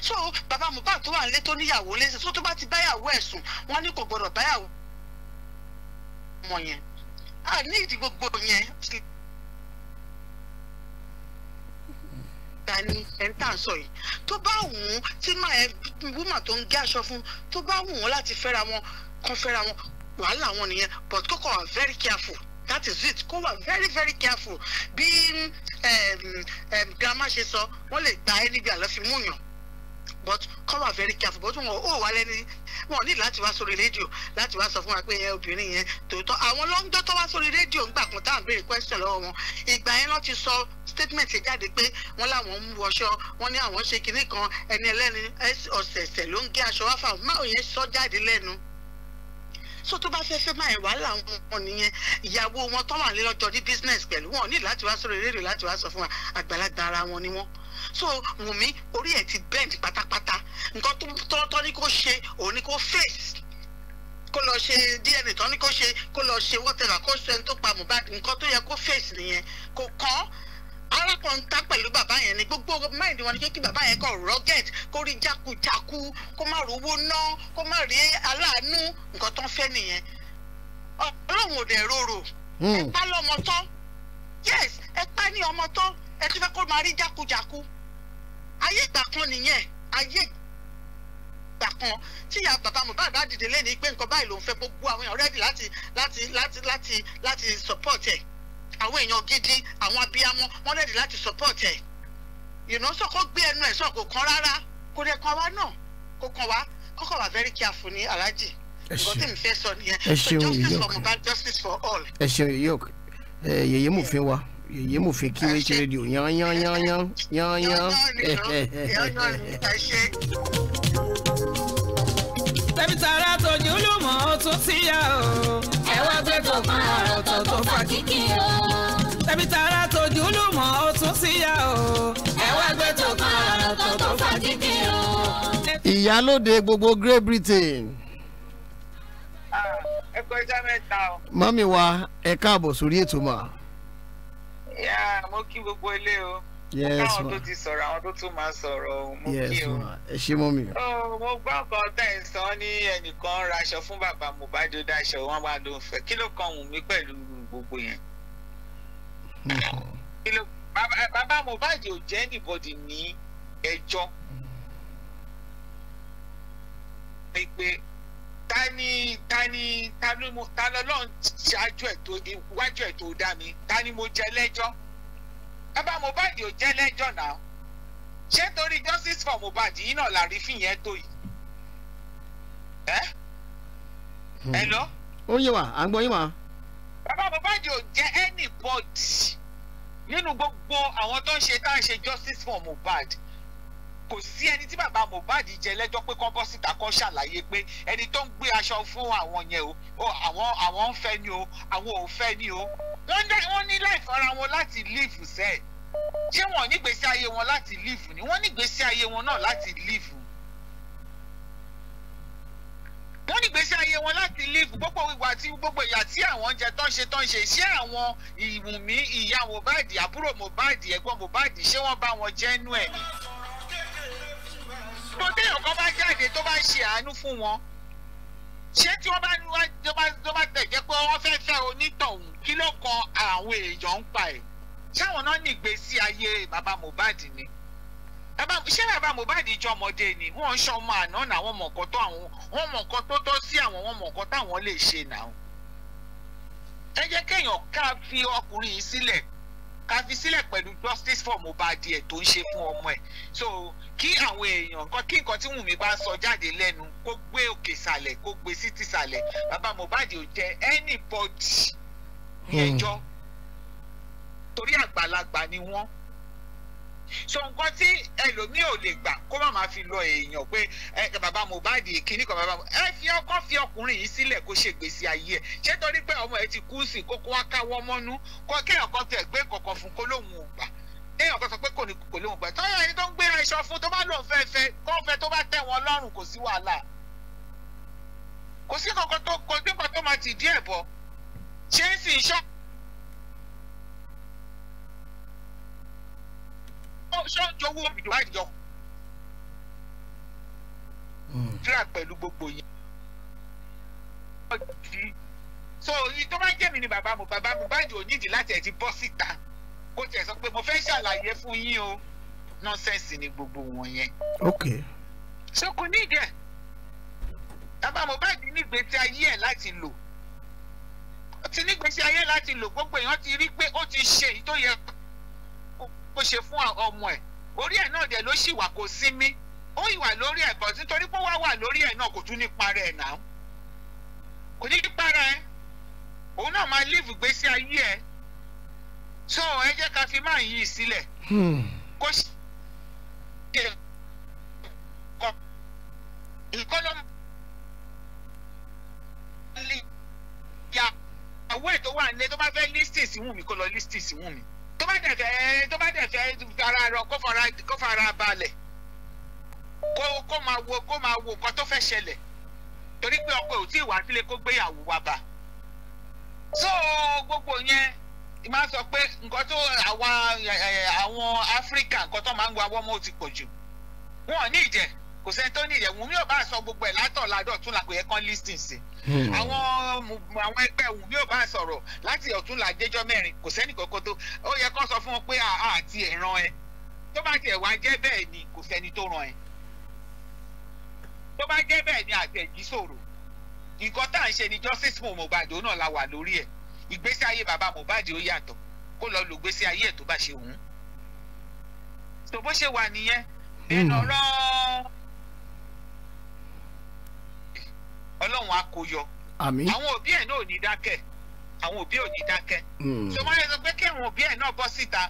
so bàbá Mohbad tó wà nílé tó níyàwó lẹ́sẹ̀ so tó bá ti báyàwó ẹ̀ sùn wọ́n ní kò gbọ́dọ̀ báyàwó ọmọ yẹn a ní ìdí gbogbo yẹn ta ni ẹni tá à ń sọ yìí tó bá wù ú tí máa ẹ wúmà tó ń gé aṣọ fún tó bá wù ú láti fẹ́ra wọn kan fẹ́ra wọn wàhálà wọn nìyẹn but kókò wà very careful that is it kó wà very very careful bí um, um, grandma ṣe sọ wọ́n lè gba ẹni bí àlọ́ fi mú yàn but come out very careful but wọn ò wá lẹ́ni wọn ní láti wá sórí rédíò láti wá sọ fún wa pé ẹ obìnrin yẹn tòótọ́ àwọn lọ́ńdọ́ tó wá sórí rédíò ń gbà kan táwọn béèrè question lọ́wọ́ wọn ìgbà yẹn lọ́ọ́ ti sọ statement jáde pé wọ́n láwọn ń wọṣọ wọ́n ní àwọn ṣe kinní kan ẹni ẹlẹ́ni ọ̀sẹ̀ọ̀sẹ̀ ló ń gé aṣọ wáfà máa yẹn sọ jáde lẹ́nu so tó bá fẹ́ fẹ́ máa ẹ̀ wàhálà nìyẹn ìyàwó wọn tó wà lọ́jọ́ ní business pẹ̀lú wọn ní láti wá sórí rédíò láti wá sọ fún wa àgbàlagbà ara wọn ni wọn so Wùnmí orí ẹ̀ ti bend pátápátá nǹkan tó tọ́tọ́ ní kó ṣe òun ni kó face kó lọ ṣe DNA tó ní kó ṣe kó lọ ṣe whatever kó ṣe tó pa Mohbad nǹkan tó yẹ kó face nìyẹn kò kàn án alákọ̀ọ́ntà pẹ̀lú bàbá yẹn ni gbogbo máìlì wọn ni pé kí bàbá yẹn kọ̀ rọ́gẹ̀t kó rí jákujáku kó má rówó ná kó má rí aláàánú nǹkan tó ń fẹ́ nìyẹn ọlọ́run ò dẹ̀ rorò hmm. ẹ pa lọ́mọ tán yes ẹ pa ní ọmọ tán ẹ tún fẹ́ kó máa rí jákujáku ayé ìgbà kan nìyẹn ayé ìgbà kan tí ìyá bàbá Mohbad bá dìde lẹ́ni pé nǹkan báyìí lòun fẹ́ gbogbo àwọn èèyàn rẹ́dì láti láti láti láti láti support ẹ̀ àwọn èèyàn gidi àwọn abiyamọ wọn lẹ́dí láti support ẹ̀ ìná sọ̀kò gbé ẹnu ẹ̀ sọ̀kò kan rárá kò dẹ̀ kan wá náà kò kan wá kọ́kọ́ wà very careful ní aláàjì nǹkan tí mi fẹ́ sọ nìyẹn so justice for mobile, justice for all. ẹ ṣeun yeyok yeye mòfin wa yeye mòfin kí wéé ṣe rédíò yán yán yán yán yán yán tẹ̀mí tààrà tòjú lùmọ̀ ó tún ti yá o. ẹ gbé tó kan ọ̀rọ̀ tó tó fa kíkì o. tẹ̀mí tààrà tòjú lùmọ̀ ó tún ti yá o. ẹ gbé tó kan ọ̀rọ̀ tó tó fa kíkì o. ìyálóde gbogbo Great Britain. Ah, ẹ kọ iṣẹ́ mẹ́ta o. mọ́mí wa ẹ káàbọ̀ sórí ètò mà. yà mo kí gbogbo ilé o yes ma àwọn tó ti sọ̀rọ̀ àwọn tó tún máa sọ̀rọ̀ mo kí o ẹ ṣé mọ́ mi. mo gbọ́ ọkọ̀ tẹ̀ ń sọ ní ẹnìkan raṣọ fún bàbá Mohbad ó dáṣọ wọn bá ló ń fẹ́ kí ló kan wù mí pẹ̀lú gbogbo yẹn. Hmm. bàbá Mohbad ò jẹ́ anybody ní ẹjọ́ pé ta ni ta ni ṣáájú ẹ̀ tó dá mi ta mo jẹ lẹ́jọ́ bàbá Mohbad ò jẹ́ lẹ́jọ́ náà ṣé torí justice for Mohbad yìí náà la rí fìyẹn tó yìí. ẹ ẹ lọ. ó yẹ wá à ń gbọ́ yín wá. bàbá Mohbad ò jẹ́ anybody nínú gbogbo àwọn tó ń ṣe tá à ń ṣe justice for Mohbad kò sí ẹni tí bàbá Mohbad jẹ lẹ́jọ́ pé kán bọ́ síta kán ṣàlàyé pé ẹni tó ń gbé aṣọ fún àwọn yẹn o àwọn ń fẹ́ ni o àwọn ò fẹ́ ni o wọ́n ní láìfọ́ ara wọn láti lífù sẹ́ẹ̀ ṣé wọ́n nígbésí ayé wọn láti lífù ni wọ́n nígbésí ayé wọn náà láti lífù wọ́n nígbésí ayé wọn láti lífù gbogbo ìwà tí gbogbo ìyà tí àwọn jẹ tán ṣe tán ṣe ṣé àwọn ìwùmí ìyá Mohbad àbúrò Mohbad ẹ̀gbọ́n Mohbad ṣé wọ́n bá wọn jẹ́ nú ẹ̀ ni. tó téèyàn kan bá jáde tó bá ṣe àánú fún wọn ṣé tí wọ́n bá tó bá tó bá tẹ̀ jẹ́ pé wọ́n fẹ́ fẹ́ onítọ̀hún kí ló kan àwọn èèyàn ń pa ẹ̀ ṣáwọn náà ní ìgbésí ayé bàbá Mohbad ni ṣé bàbá Mohbad jọ ọmọdé ni wọ́n ń ṣọmọ àná làwọn mọ̀ nǹkan tó àwọn wọ́n mọ̀ nǹkan tó tọ́ sí àwọn wọ́n mọ̀ nǹkan táwọn lè ṣe náà ẹ jẹ́ kéèyàn ká fi ọkùnrin yìí sílẹ̀ ká fi sílẹ̀ pẹ̀lú justice for Mohbad ẹ̀ tó ń ṣe fún ọmọ ẹ̀ so kí àwọn èèyàn nǹkan kí nǹkan tí Wùnmí bá sọ jáde lẹ́nu kó gbé òkè sàlẹ̀ kó gbé sí ti sàlẹ̀ bàbá Mohbad ò jẹ́ anybody ní hmm. ẹjọ́ torí àgbàlagbà ni wọ́n so nǹkan tí ẹlòmíì ò lè gbà kó má máa fi lọ èèyàn pé ẹ bàbá Mohbad kínní kan bàbá ẹ fi ọkọ fi ọkùnrin yìí sílẹ̀ kó ṣe gbèsè ayé ẹ ṣé torí pé ọmọ ẹ ti kú sí kókó wá káwọ́ mọ́nú kó kéèyàn kan tẹ̀ gbé kọ̀ọ̀kan fún kó lóun ò gbà kéèyàn kan sọ pé kò ní kò lóun gbà tọ́yọ̀ ẹni tó ń gbéra iṣan fún tó bá lóun fẹ́ fẹ́ kó fẹ́ tó bá tẹ̀ wọ́n lọ́rùn kò sí wàhálà kò sí kankan tó kò sọ́jọ́ owó ìdùnnú àìjọ dúrà pẹ̀lú gbogbo yẹn. so tó bá jẹ́ mi ni bàbá mo bàbá mo bá jò nídìí láti ẹ̀ ti bọ́ síta kó tiẹ̀ sọ pé mo fẹ́ ṣàlàyé fún yín o nọ́nsẹ̀nsì ni gbogbo wọn yẹn. ok. so kò ní ìdí ẹ̀ bàbá mo bá di nígbèsí ayé ẹ̀ láti lò ó ti nígbèsí ayé láti lò gbogbo èèyàn ti rí pé ó ti ṣe èyí tó yẹ kó ṣe fún ọmọ ẹ̀ orí ẹ̀ náà dẹ̀ ló ṣì wà kó sinmi ó ìwà lórí ẹ̀ bọ̀ nítorí pé wá wà lórí ẹ̀ náà kò tún ní parẹ́ ẹ̀ náà kò ní parẹ́ ẹ̀ òun náà máa live gbèsè ayé ẹ̀ so ẹ jẹ́ ká fi máa yí sílẹ̀ hmm. kó ṣe kọ́ ìkọ́lọ́ ìyàwó ẹ̀ tó wà nílé tó bá fẹ́ lísìtì sí wùmí kó lọ lísìtì sí wùmí. tó bá dẹ̀ tó bá ara rọ kó fara kó fara balẹ̀ kó kó máa wo kó máa wo nǹkan tó fẹ́ ṣẹlẹ̀ torí pé ọkọ ò tí ì kó wa bá so gbogbo yẹn máa sọ pé nǹkan tó àwọn àwọn Áfíríkà nǹkan tó máa ń àwọn ọmọ ò wọn ò kò sẹ́ni tó ní ìyẹn Wùmí ò bá sọ gbogbo ẹ̀ látọ̀ ládọ̀tún la kò yẹ kán lísìn sí hmm. àwọn àwọn ẹgbẹ́ Wùmí ò bá sọ̀rọ̀ láti ọ̀tún làdéjọ́ mẹ́rin kò sẹ́ni kọ́kọ́ tó ó yẹ kán sọ fún wọn pé àti ẹ̀ràn ẹ tó bá tiẹ̀ wá jẹ́ bẹ́ẹ̀ ni kò sẹ́ni tó ràn ẹ tó bá jẹ́ bẹ́ẹ̀ ni àtẹ̀jí sọ̀rọ̀ nǹkan tá à ń ṣe ni justice mo Mohbad náà la wà lórí ẹ̀ ìgbésí ayé bàbá Mohbad ó yàtọ̀ kó lọ lògbésí ayé ẹ̀ tó bá ṣe òun tó bó ṣe wà nìyẹn hmm. ẹnu ọ̀rọ̀ ọlọ́run á kó yọ àwọn òbí ẹ̀ náà ò ní dákẹ́ àwọn òbí ò ní dákẹ́ so hmm. wọ́n yẹ sọ pé kẹ́hìn òbí ẹ̀ náà bọ́ síta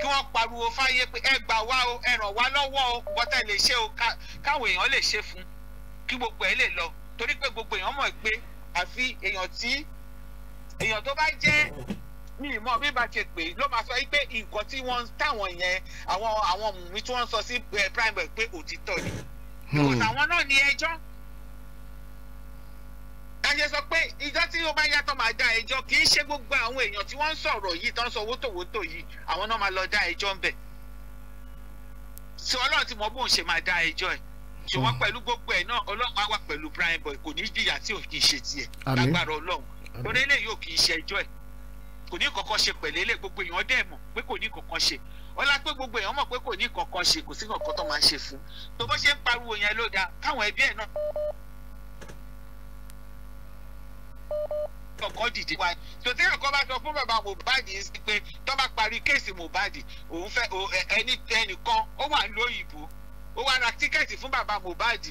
kí wọ́n pariwo fáyé pé ẹ gbà wá o ẹ ràn wá lọ́wọ́ o bọ́tà lè ṣe o káwọn èèyàn lè ṣe fún kí gbogbo ẹ̀ lè lọ torí pé gbogbo èèyàn mọ̀ pé àfi èèyàn tí èèyàn tó bá jẹ́ mi ìmọ̀ bí bá ti pè ló máa sọ pé nǹkan tí wọ́n táwọn yẹn àwọn àwọn mùmí tí wọ́n sọ sí eh, primary pé òtítọ́ ni. Hmm. àwọn náà ni ẹjọ́ àṣẹ sọ pé ìjọ tí ó bá yàtọ̀ máa dá ẹjọ́ kì í ṣe gbogbo àwọn èèyàn tí wọ́n ń sọ̀rọ̀ yìí tó ń sọ wótòwótò yìí àwọn náà máa lọ dá ẹjọ́ ń bẹ̀ tí ọlọ́run ti mọ bóun ṣe máa dá ẹjọ́ ẹ̀ ṣùgbọ́n pẹ̀lú gbogbo ẹ̀ náà ọlọ́run á wà pẹ̀lú prime boy kò ní jìyà tí òfin ṣe tiẹ̀ lágbára ọlọ́run orílẹ̀ yóò kì í ṣe ẹjọ́ ẹ̀ kò ní kankan ṣe pẹ̀lú ilé gbogbo èèyàn dẹ̀ mọ̀ pé kò ní kankan ṣe ọlá pé gbogbo èèyàn mọ̀ pé kò ní kankan ṣe kò sí kankan tó máa ṣe fún tó bó ṣe ń pariwo yẹn ló dáa káwọn ẹbí ẹ̀ náà dìde wáyé tòtí ẹ̀kọ́ bá sọ fún bàbá Mohbad yìí sí pé tó bá parí kéèsì Mohbad òun fẹ́ ẹni ẹnìkan ó wà lóyìnbó ó wá ra tíkẹ́ẹ̀tì fún bàbá Mohbad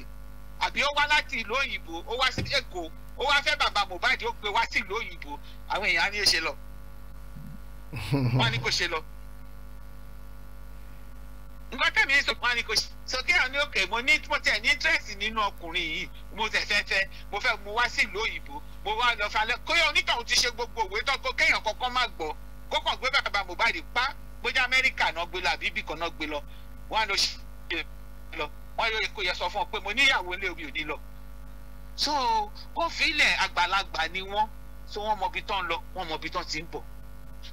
àbí ó wá láti ìlú òyìnbó ó wá sí Èkó ó wá fẹ́ bàbá Mohbad ó gbé wá sí ìlú òyìnbó àwọn èèyàn á ní ṣe lọ wọn á ní kó ṣe lọ nǹkan tẹ̀mí sọ fún wa ni kò sókè àwọn òkè mo ní mo tẹ̀ ní interest nínú ọkùnrin yìí mo tẹ̀ fẹ́ fẹ́ mo fẹ́ mo wá sí ìlú òyìnbó mo lọ falẹ̀ kóyọ onítọ̀hún ti ṣe gbogbo òwe tọ́gbó kéèyàn kankan má gbọ́ kó gbé bàbá Mohbad pa gbójú Amẹ́ríkà náà gbé lọ àbí ibì kan náà gbé lọ wọ́n lọ ṣe lọ wọ́n yóò kó yẹ sọ fún ọ pé mo níyàwó ilé omi ò lọ. so ó fi ilẹ̀ àgbàlagbà ni wọ́n so wọ́n mọ ibi tán ń lọ wọ́n mọ ibi tán ti ń bọ̀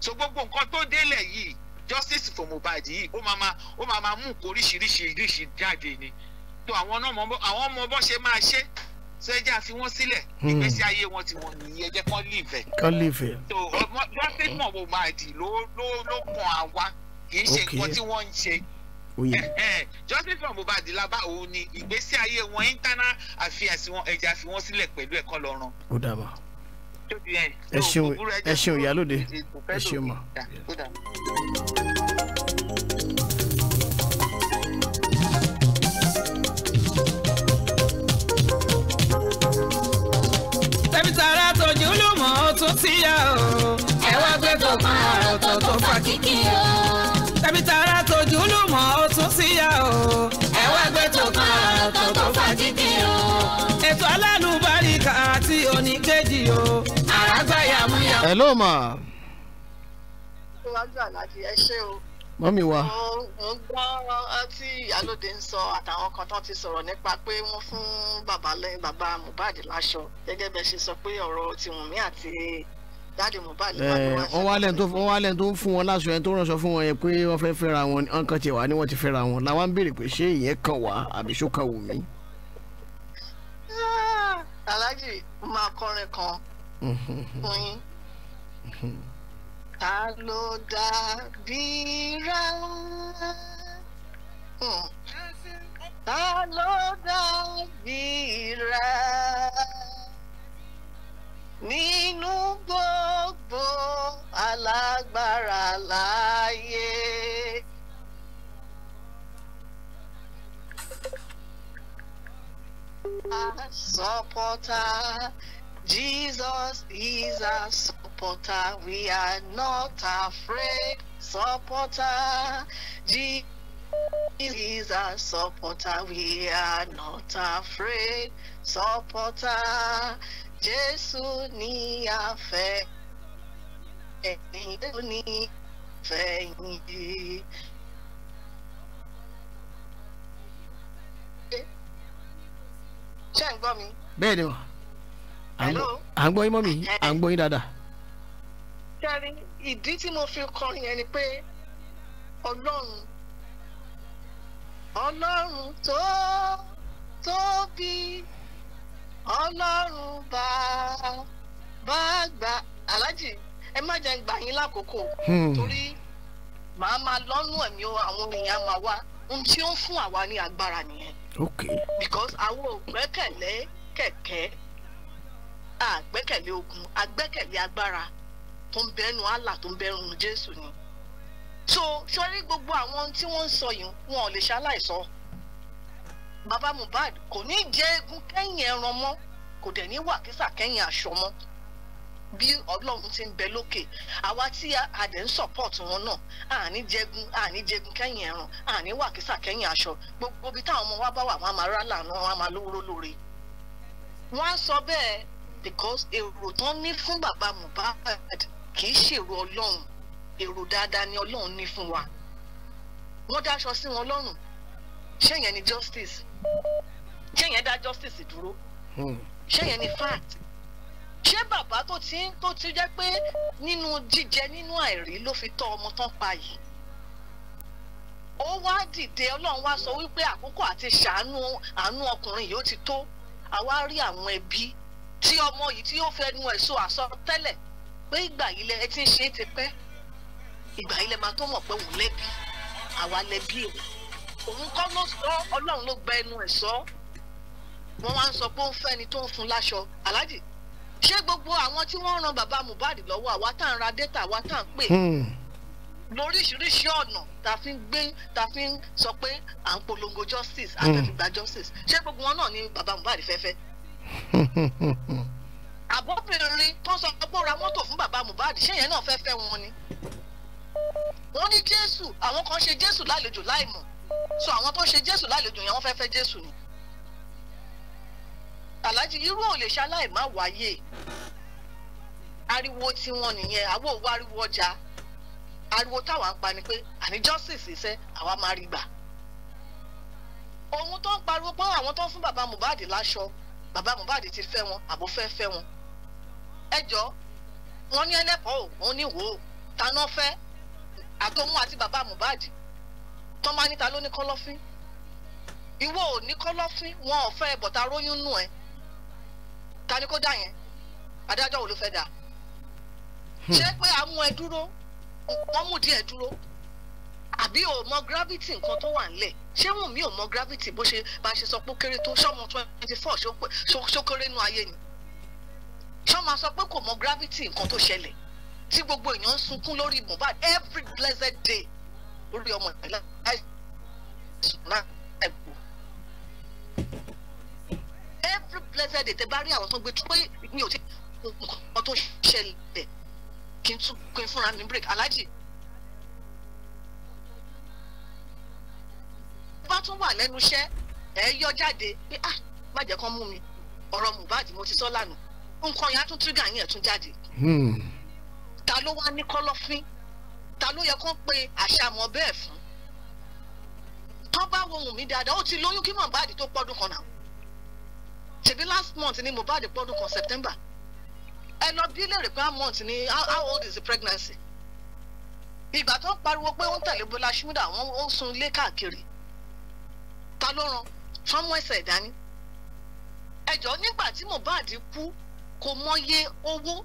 so gbogbo nǹkan tó délẹ̀ yìí justice for Mohbad yìí ó máa máa ó máa mú nǹkan oríṣiríṣi jáde ni so àwọn ọmọ bó ṣe máa ṣe so ẹ jẹ́ àfi wọ́n sílẹ̀ hmm. ìgbésí ayé wọn ti wọ̀n nìyí ẹ jẹ́ kán lìfẹ̀. kán lìfẹ̀. so ọmọ lọ́sẹ̀ mọ̀ wò máa dì ló ló ló kàn á wá kì í ṣe nǹkan tí wọ́n ń ṣe. justice for Mohbad laba òun ni ìgbésí ayé wọn internal affairs wọn ẹ jẹ́ àfi wọ́n sílẹ̀ pẹ̀lú ẹ̀kọ́ lọ́rùn. ó dàbà ẹ ṣeun ẹ ṣeun ìyálòde ẹ ṣeun mọ. tẹbí tara tòjú ló mọ̀ tún ti yá o. ẹ wá gbé tó kan ọ̀rọ̀ tó tó fa kíkì o. tẹbí tara tòjú ló mọ̀ tún ti yá o. ẹ wá gbé tó kan ọ̀rọ̀ tó tó fa kíkì o. ètò alálùbáríkà àti oníkejì o. àràgbá yàmúyàmú. hello ma. ṣé wàá gbà láti ẹ ṣé o mọ́mí wa. mo gbọ́ tí ìyálòde ń sọ àtàwọn kan tó ti sọ̀rọ̀ nípa pé wọ́n fún bàbá lẹ́yìn bàbá Mohbad láṣọ gẹ́gẹ́ bẹ́ẹ̀ ṣe sọ pé ọ̀rọ̀ ti Wùnmí àti dáàdì Mohbad ló wà ní wáṣọ. wọ́n wá lẹ́yìn tó fún wọn láṣọ yẹn tó ránṣọ fún wọn yẹn pé wọ́n fẹ́ fẹ́ra wọn wọn tiẹ̀ wá ni wọ́n ti fẹ́ra wọn làwọn ń béèrè pé ṣé ìyẹn kan wà àbí ṣó kan Wùnmí. Ah, Alhaji máa kọrin kan fún yín. Mm-hmm. ta ló dàbí ra ta hmm. ló dàbí ra nínú gbogbo alágbára láyé. A supporter, Jesus is a supporter. We are not afraid, supporter. Jesus is our supporter. We are not afraid, supporter. Jésù ni a fẹ́, ẹni tó ní fẹ̀yìntì. ṣé bẹ́ẹ̀ ni wọ́n à ń gbọ́ yín mọ́ mi à ń gbọ́ yín dáadáa sẹ́ni ìdí tí mo fi kọrin yẹn ni pé ọlọ́run ọlọ́run tó tóbi ọlọ́run bá bá gbà aláàjì ẹ má jẹ́ gbà yín lákòókò hmm. torí màá máa lọ́nù ẹ̀mí àwọn èèyàn máa wá ohun tí ó ń fún àwa ní agbára nìyẹn. okay. because àwọn ò kẹ̀kẹ́ àgbẹ́kẹ̀lé ogun àgbẹ́kẹ̀lé agbára tó ń bẹ́nu Allah tó ń bẹ́nu Jésù ni so sọrí gbogbo àwọn tí wọ́n ń sọ yìí wọn ò lè ṣaláìsọ baba Mohbad kò ní jẹ egun kẹ́yìn ẹran mọ́ kò dẹ̀ ní wà kísà kẹ́yìn aṣọ mọ́ bí ọlọ́run ti ń bẹ lókè àwa tí a ń support wọn náà àní jẹgun àní jẹgun kẹ́yìn ẹran àní wà kísà kẹ́yìn aṣọ gbogbo ibi táwọn ọmọ wa bá wà wọn a máa rà lànà wọn máa lówó lóore wọn á sọ bẹ́ẹ̀ because èrò tán ní fún baba Mohbad kì í ṣèrò ọlọ́run èrò dáadáa ni ọlọ́run ní fún wa wọ́n dáṣọ sí wọn lọ́rùn ṣé yẹn ni justice ṣé yẹn dá justice dúró hmm. ṣé yẹn ni fact ṣé bàbá tó ti tó ti jẹ́ pé nínú jíjẹ nínú àìrí ló fi tọ́ ọmọ tán pa yìí ó wá dìde ọlọ́run wá sọ wípé àkókò àti ṣàánú àánú ọkùnrin yìí ó ti tó àwa rí àwọn ẹbí tí ọmọ yìí tí ó fẹnu ẹ̀ sọ àsọtẹ́lẹ̀ pé ìgbà yìí lẹ ẹ ti ń ṣe é ti pẹ́ ìgbà yìí lẹ máa tó mọ̀ pé òun lẹ́bi àwa lẹ́bi èèyàn òun kọ́ ló sọ ọlọ́run ló gba ẹnu ẹ̀ sọ wọ́n wá ń sọ pé ó ń fẹ́ ni tó ń fún láṣọ aláàjì ṣé gbogbo àwọn tí wọ́n ran bàbá Mohbad lọ́wọ́ àwa tá à ń ra dẹ́tà àwa tá à ń pè hmm. lóríṣiríṣi ọ̀nà tá fi ń gbé tá fi ń sọ pé à ń polongo justice àtẹ̀fìgbà hmm. justice ṣé gbogbo wọn náà ni bàbá Mohbad fẹ́fẹ́. àbọ̀bìnrin tó sọ pé ó ra mọ́tò fún bàbá Mohbad ṣéyẹn náà fẹ́ fẹ́ wọn ni wọ́n ní Jésù àwọn kan ṣe Jésù lálejò láìmọ̀ so àwọn tó ṣe Jésù lálejò yẹn wọ́n fẹ́ fẹ́ Jésù ni Alhaji irú ò lè ṣaláì má wáyé ariwo tiwọn nìyẹn àwọn òwò ariwo ọjà ariwo táwa ń pa ni pé àní justice iṣẹ́ àwa máa rí gbà ohun tó ń pariwo pé àwọn tó ń fún bàbá Mohbad láṣọ bàbá Mohbad ti fẹ́ wọn àbò fẹ́ fẹ́ wọn ẹjọ́ wọ́n ní ẹlẹ́fọ́ òun ní wò ó taná fẹ́ àtòun àti bàbá Mohbad tán máa níta ló ní kọ́lọ́fín ìwọ ò ní kọ́lọ́fín wọn ò fẹ́ bọ̀tà róyún nù ẹ́ ta ni kó dà yẹn adájọ́ wo ló fẹ́ dà hmm. ṣé pé a mú ẹ dúró wọ́n mú díẹ̀ dúró àbí o mọ gravity nǹkan tó wà nílẹ̀ ṣé Wùnmí ò mọ gravity bó ṣe bá ṣe sọ pé kéré tó ṣọmọ twenty four ṣókéré nú ayé ni ṣọ́ máa sọ pé kò mọ gravity nǹkan tó ṣẹlẹ̀ tí gbogbo èèyàn ń sunkún lórí Mohbad every blessed day lórí ọmọ ìlà àìsàn náà ẹ̀gbọ́n every blessed day tẹ bá rí àwọn tó gbé tó pé mi ò tí nǹkan tó ṣẹlẹ̀ kí n tún pin fúnra mi break aláàjì. bá tún wà lẹ́nu iṣẹ́ ẹ̀ yọ jáde pé ah má jẹ́ kán mú mi ọ̀rọ̀ Mohbad mo ti sọ lánàá nǹkan yẹn á yẹn tún jáde. Hmm. ta ló wá ní kọ́lọ́fín ta ló yẹ kó pe àṣàmọ́ bẹ́ẹ̀ fún tọ́ bá wo Wùnmí dáadáa ó ti lóyún kí Mohbad tó pọ́dún kan náà ṣèbí last month ni Mohbad pọ́dún kan September ẹ lọ bí léèrè pé how ni how old is the pregnancy ìgbà tó ń pariwo pé ó ń tẹ̀lé Bọ́lá Ṣúndà wọ́n ó sun ilé káàkiri ta ló ran fọ́nmú ẹsẹ̀ ìdání ẹjọ́ nígbà tí Mohbad kú kò mọye owó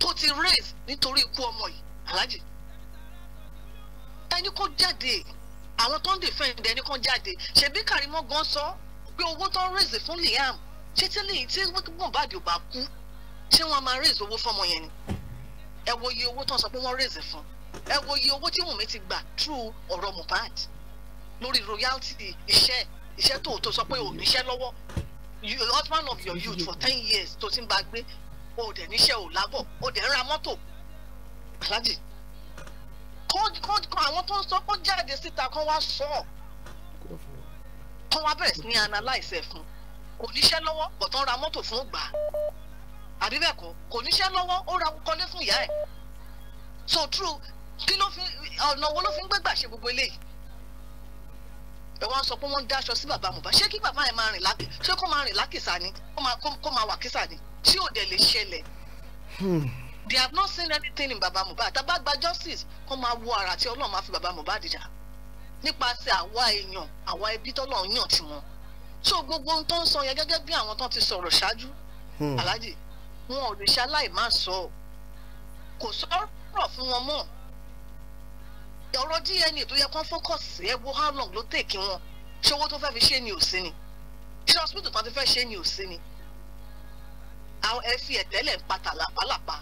tó ti raise nítorí ikú ọmọ yìí alájì ẹni kó jáde àwọn tó ń defend ẹni kan jáde ṣebí Karimo gan sọ pé owó tó ń raise fún Liam ṣé tí lẹ́yìn tí Mohbad ò bá kú ṣé wọ́n máa raise owó fọmọ yẹn ni ẹ wo iye owó tó ń sọ pé wọ́n raise fún ẹ wo iye owó tí Wùnmí ti gbà through ọ̀rọ̀ Mohbad lórí royalty iṣẹ́ iṣẹ́ tó tó sọ pé ò níṣẹ́ lọ́wọ́ you husband of your youth for ten years tó ti ń bá gbé o dẹ̀ níṣẹ́ ò lábọ̀ o dẹ̀ ń ra mọ́tò aláàjì kọ́ àwọn tó ń sọ kó jáde síta kó wá sọ ọ́ kó wá bẹ̀rẹ̀ sí ní analyse ẹ̀ fún kò níṣẹ́ lọ́wọ́ bọ̀tán ra mọ́tò fún gbà àbí bẹ́ẹ̀ kọ́ kò níṣẹ́ lọ́wọ́ ó ra kọ́lé fún ìyá ẹ̀ so true kí ló fi ọ̀nà wo ló fi ń gbégbà ṣe gbogbo eléyìí ẹ wá ń sọ pé wọ́n dáṣọ sí bàbá Mohbad ṣé kí bàbá yẹn máa rìn lákì ṣé kó máa rìn lákìsà ni kó máa wà kìsà ni tí ò dẹ̀ lè ṣẹlẹ̀. Hmm. they have not seen anything in bàbá Mohbad tàbá gba justice kó máa wo ara tí Ọlọ́run máa fi bàbá Mohbad dìjà nípasẹ̀ àwa èèyàn àwa ẹbí tọ́lọ́run yàn tí wọn. so gbogbo ohun tó ń sọ yẹn gẹ́gẹ́ bí àwọn tó ti sọ̀rọ̀ ṣáájú hmm. aláàjì wọn ò lè ṣaláì má sọ kò sọ̀rọ̀ fún wọn mọ́ ọ̀rọ̀ DNA tó yẹ kó fọ́kọ̀sì ẹ wo how long ló tèkí wọn ṣé owó tó fẹ́ fi ṣe ni ò sí ni ṣé hospital tó ti fẹ́ ṣe ni ò sí ni àwọn ẹ fi ẹ̀tẹ́lẹ̀ ń pa tàlàpàlàpà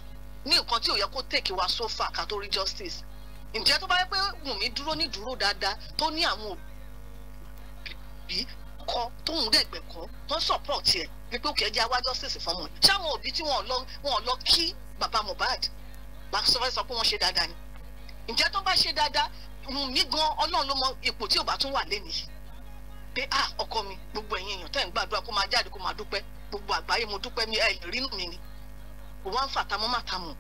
ní nǹkan tí ò yẹ kó tèkí wa so far ká tó rí justice ǹjẹ́ tó bá yẹ pé Wùnmí dúró ní dúró dáadáa tó ní àwọn òbí kọ tóun dẹ̀gbẹ̀ kọ́ wọ́n support ẹ̀ wípé òkè ẹjẹ́ awájọ́ sèse fọ́mọ ẹ̀ ṣáwọn òbí tí wọ́n lọ kí bàbá Mohbad bá sọ fẹ́ sọ pé wọ́n ṣe dáadáa ni ǹjẹ́ tó bá ṣe dáadáa mi mm, gan ọlọ́run ló mọ ipò tí ò bá tún wà lẹ́nu yìí pé ah ọkọ mi gbogbo ẹ̀yin èèyàn tẹ́ ń gbàdúrà kó máa jáde kó máa dúpẹ́ gbogbo àgbáyé mo dúpẹ́ mi ẹ̀ rínú mi ni kò wá ń fàtàmọ́ màtàmọ́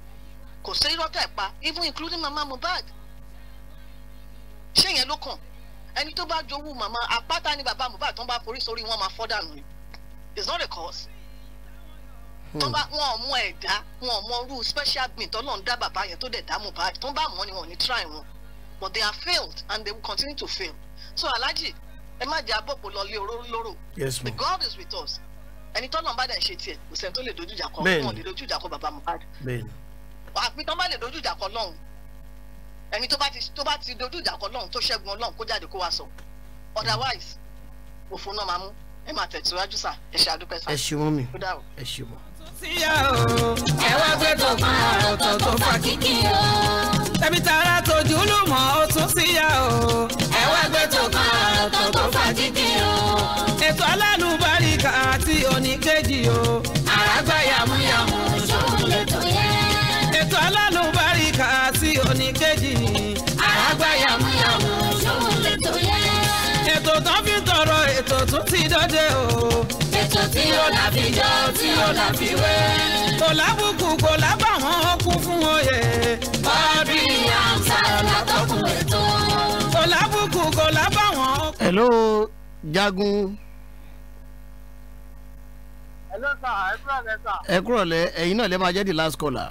kò sí irọ́tà ẹ̀ pa even including mama Mohbad ṣé yẹn ló kàn ẹni tó bá jowú màmá apáta ni bàbá Mohbad tó ń bá forí sórí wọn máa fọ́ dànù ni it's not a cause wọn bá wọn mú ẹ̀dá wọn mọ irú special being tó náà ń dá bàbá yẹn tó dẹ̀ dá Mohbad tó bá mọ́ ni wọn ò ní try wọn but they have failed and they will continue to fail so Alhaji ẹ má jẹ́ abọ́pọ̀ lọ lé oró lóró yes ma God is with us ẹni tọ́nà bá dẹ̀ ṣe tiẹ̀ kò sẹ́ni tó lè dojú ìjà kọ wọn lè dojú ìjà kọ bàbá Mohbad àfi tán bá lè dojú ìjà kọ lọ́hùn ẹni tó bá ti tó bá ti dojú ìjà kọ lọ́hùn tó ṣẹ́gun Ọlọ́hun kó jáde kó wá sọ otherwise òfò náà máa mú ẹ máa tẹ̀síwájú sà ẹ ṣe àdúpẹ́ sà ẹ ṣe wọ́n mi ẹ ṣe wọ́n ẹ wá gbé tó kan ọ̀rọ̀ tó tó fà kíkì o. tẹ̀mí tara tojú lù mọ́ ó tún síyá o. ẹ wá gbé tó kan ọ̀rọ̀ tó tó fà kíkì o. ètò alálùbáríkà àti oníkejì o. àràgbá yàmúyàmú ṣòun lè tó yẹ. ètò alálùbáríkà àti oníkejì. àràgbá yàmúyàmú ṣòun lè tó yẹ. ètò tán fi tọrọ ètò tún ti dọ́dẹ o tí ó là jọ tí ó là wé. kò kò lábàwọ́n ó kún fún oyè. bọ́ọ̀dì àǹtà látọkùn ètò. kò kò lábàwọ́n ó. hello jagun. hello sir ẹ kúrò lẹ sir. ẹ kúrò lẹ ẹ̀yin náà lè máa jẹ́ the last caller.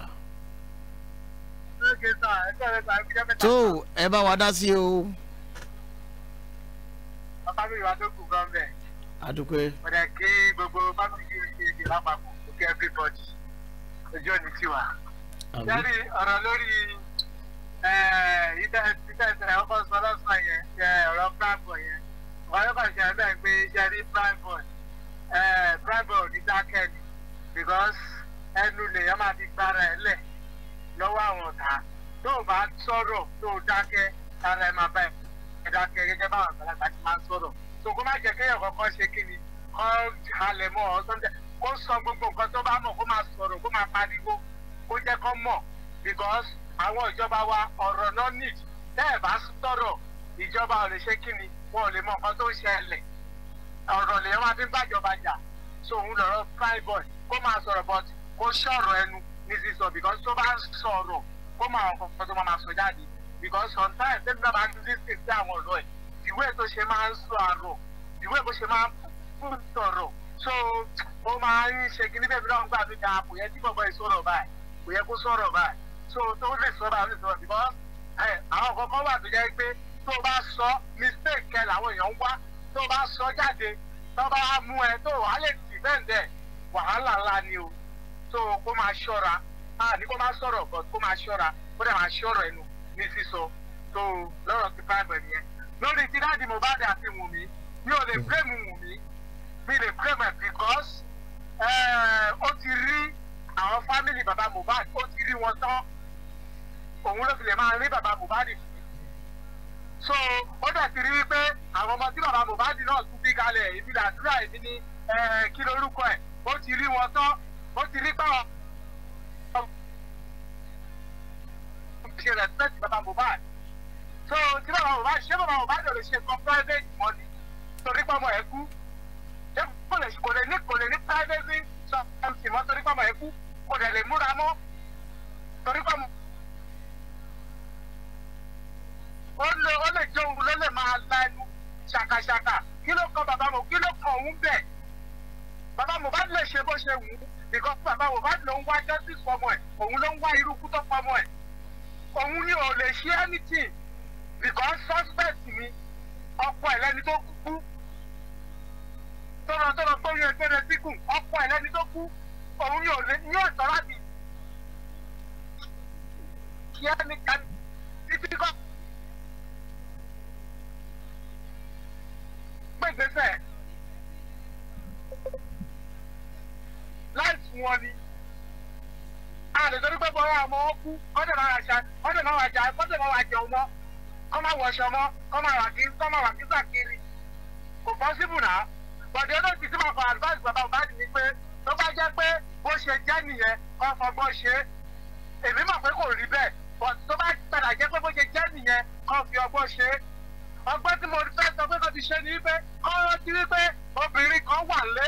tó ẹ bá wa dá sí o. bàbá mi ìwà tó kù gan bẹ́ẹ̀ adúpẹ́. ọ̀dà kí gbogbo fámìlì ṣèṣe lápapọ̀ kí everybody ojú ọ̀nì tiwa. lórí ọ̀rọ̀ lórí ìtẹ̀sẹ̀ ọkọ̀ sọ lọ́sàn yẹn ọ̀rọ̀ primeboy yẹn wọ́n yóò kàn ṣe ẹgbẹ́ pé iṣẹ́ ní primeboy primeboy ò ní dákẹ́ ni because ẹnu lèèyàn máa fi gbára ẹ̀ lẹ̀ lọ́wọ́ àwọn ọ̀tá tó o bá sọ̀rọ̀ tó o dákẹ́ ara ẹ̀ máa bá ẹ̀ dákẹ́ gẹ́gẹ́ báwọn àgbàlagbà ti máa sọ̀rọ̀ so kó má jẹ́ kéèyàn kankan ṣe kí ni kọ́ halẹ̀ mọ́ ọ sọ́jà kó sọ gbogbo nǹkan tó bá mọ̀ kó máa sọ̀rọ̀ kó máa pariwo kó jẹ́ kó mọ̀ because àwọn ìjọba wa ọ̀rọ̀ náà nìyí bẹ́ẹ̀ bá sọ̀rọ̀ ìjọba ò lè ṣe kí ni wọn ò lè mọ nǹkan tó ń ṣẹlẹ̀ ọ̀rọ̀ lèyàn máa fi ń bàjọba jà so òun lọ̀rọ̀ prime boy kó máa sọ̀rọ̀ but kó sọ̀rọ̀ ẹnu ní sísọ because tó bá ń sọ̀rọ̀ kó máa ọkọ̀ tó máa sọ jáde because sometimes tẹ́lifíà máa ń dín sí àwọn ọ̀rọ̀ ẹ̀ the way tó ṣe máa ń sọ àrò the way bó ṣe máa ń fún sọ̀rọ̀ so ó máa ń ṣe kí níbẹ̀ mìíràn gbà mí dáa ah, kò yẹ kí bọ̀bọ̀ ìṣòro báyìí kò yẹ kó sọ̀rọ̀ báyìí so tó lè sọ báyìí lè sọ̀rọ̀ because àwọn kọ̀ọ̀kan wà tó jẹ́ pé tó bá sọ mistake kẹ làwọn èèyàn ń wá tó bá sọ jáde tó bá mú ẹ tó wàá lè tì bẹ́ẹ̀ dẹ̀ wàhálà ńlá ni o so kó máa ṣọ́ra a ní kó máa sọ̀rọ̀ but kó máa ṣọ́ra kó dẹ̀ máa ṣọ́rọ̀ ẹnu ní sísọ so lọ́rọ̀ ti fáìbọ̀ nìyẹn lórí ti dáàdi Mohbad àti Wùmí mi ò lè mm-hmm. blame Wùmí mi lè blame because ó ti rí àwọn fámìlì bàbá Mohbad ó ti rí wọn tán òun ló fi lè máa rí bàbá Mohbad fún so ó dẹ̀ ti rí wípé àwọn ọmọ tí bàbá Mohbad náà tún bí kalẹ̀ èmi làdúrà èmi ni kí lorúkọ ẹ̀ ó ti rí wọn tán ó ti rí pàwọn ṣe respect bàbá Mohbad so tí bàbá ò bá ṣé bàbá ò bá lè ṣe nǹkan private mọ́ ni torí pé ọmọ ẹ kú ṣé kò lè kò lè ní kò lè ní private something mọ́ torí pé ọmọ ẹ kú kò dẹ̀ lè múra mọ́ torí pé ọmọ ó lè ó lè jẹ́ òun ló lè máa la ẹnu ṣàkàṣàkà kí ló kọ bàbá mo kí ló kọ òun bẹ̀ bàbá mo bá lè ṣe bó ṣe wù ú because bàbá mo bá lè ń wá justice fọmọ ẹ̀ òun ló ń wá irú kú fọmọ ẹ̀ òun ni ò lè ṣe anything because suspect mi ọkọ ẹ̀ lẹ́ni tó kú tọ́nà tọ́nà tó yẹ gbẹ́rẹ́ síkù ọkọ ẹ̀ lẹ́ni tó kú òun ni ò lè ní ọ̀tọ́ láti kí ẹni kan títí kọ́ gbẹ̀gbẹ́sẹ̀ láìsí wọn ni a lè sọ pé bọ́lá ọmọ ọkú ọ̀dọ̀ náà wà jà ọ̀dọ̀ náà wà jà ọ̀dọ̀ náà wà jẹun mọ́ kọ́ máa wọṣọ mọ́ kọ́ máa wà kí kọ́ máa wà kí sàkiri kò possible náà bọ̀dé olóòtú tí màá fọ advice bàbá Mohbad ni pé tó bá jẹ́ pé bó ṣe jẹ́ nìyẹn kọ́ fọgbọ́n ṣe é èmi mọ̀ pé kò rí bẹ́ẹ̀ but tó bá padà jẹ́ pé bó ṣe jẹ́ nìyẹn kọ́ fi ọgbọ́n ṣe é ọgbọ́n tí mo fẹ́ sọ pé kò ti ṣe ni wípé kọ́ rántí wípé obìnrin kan wà lé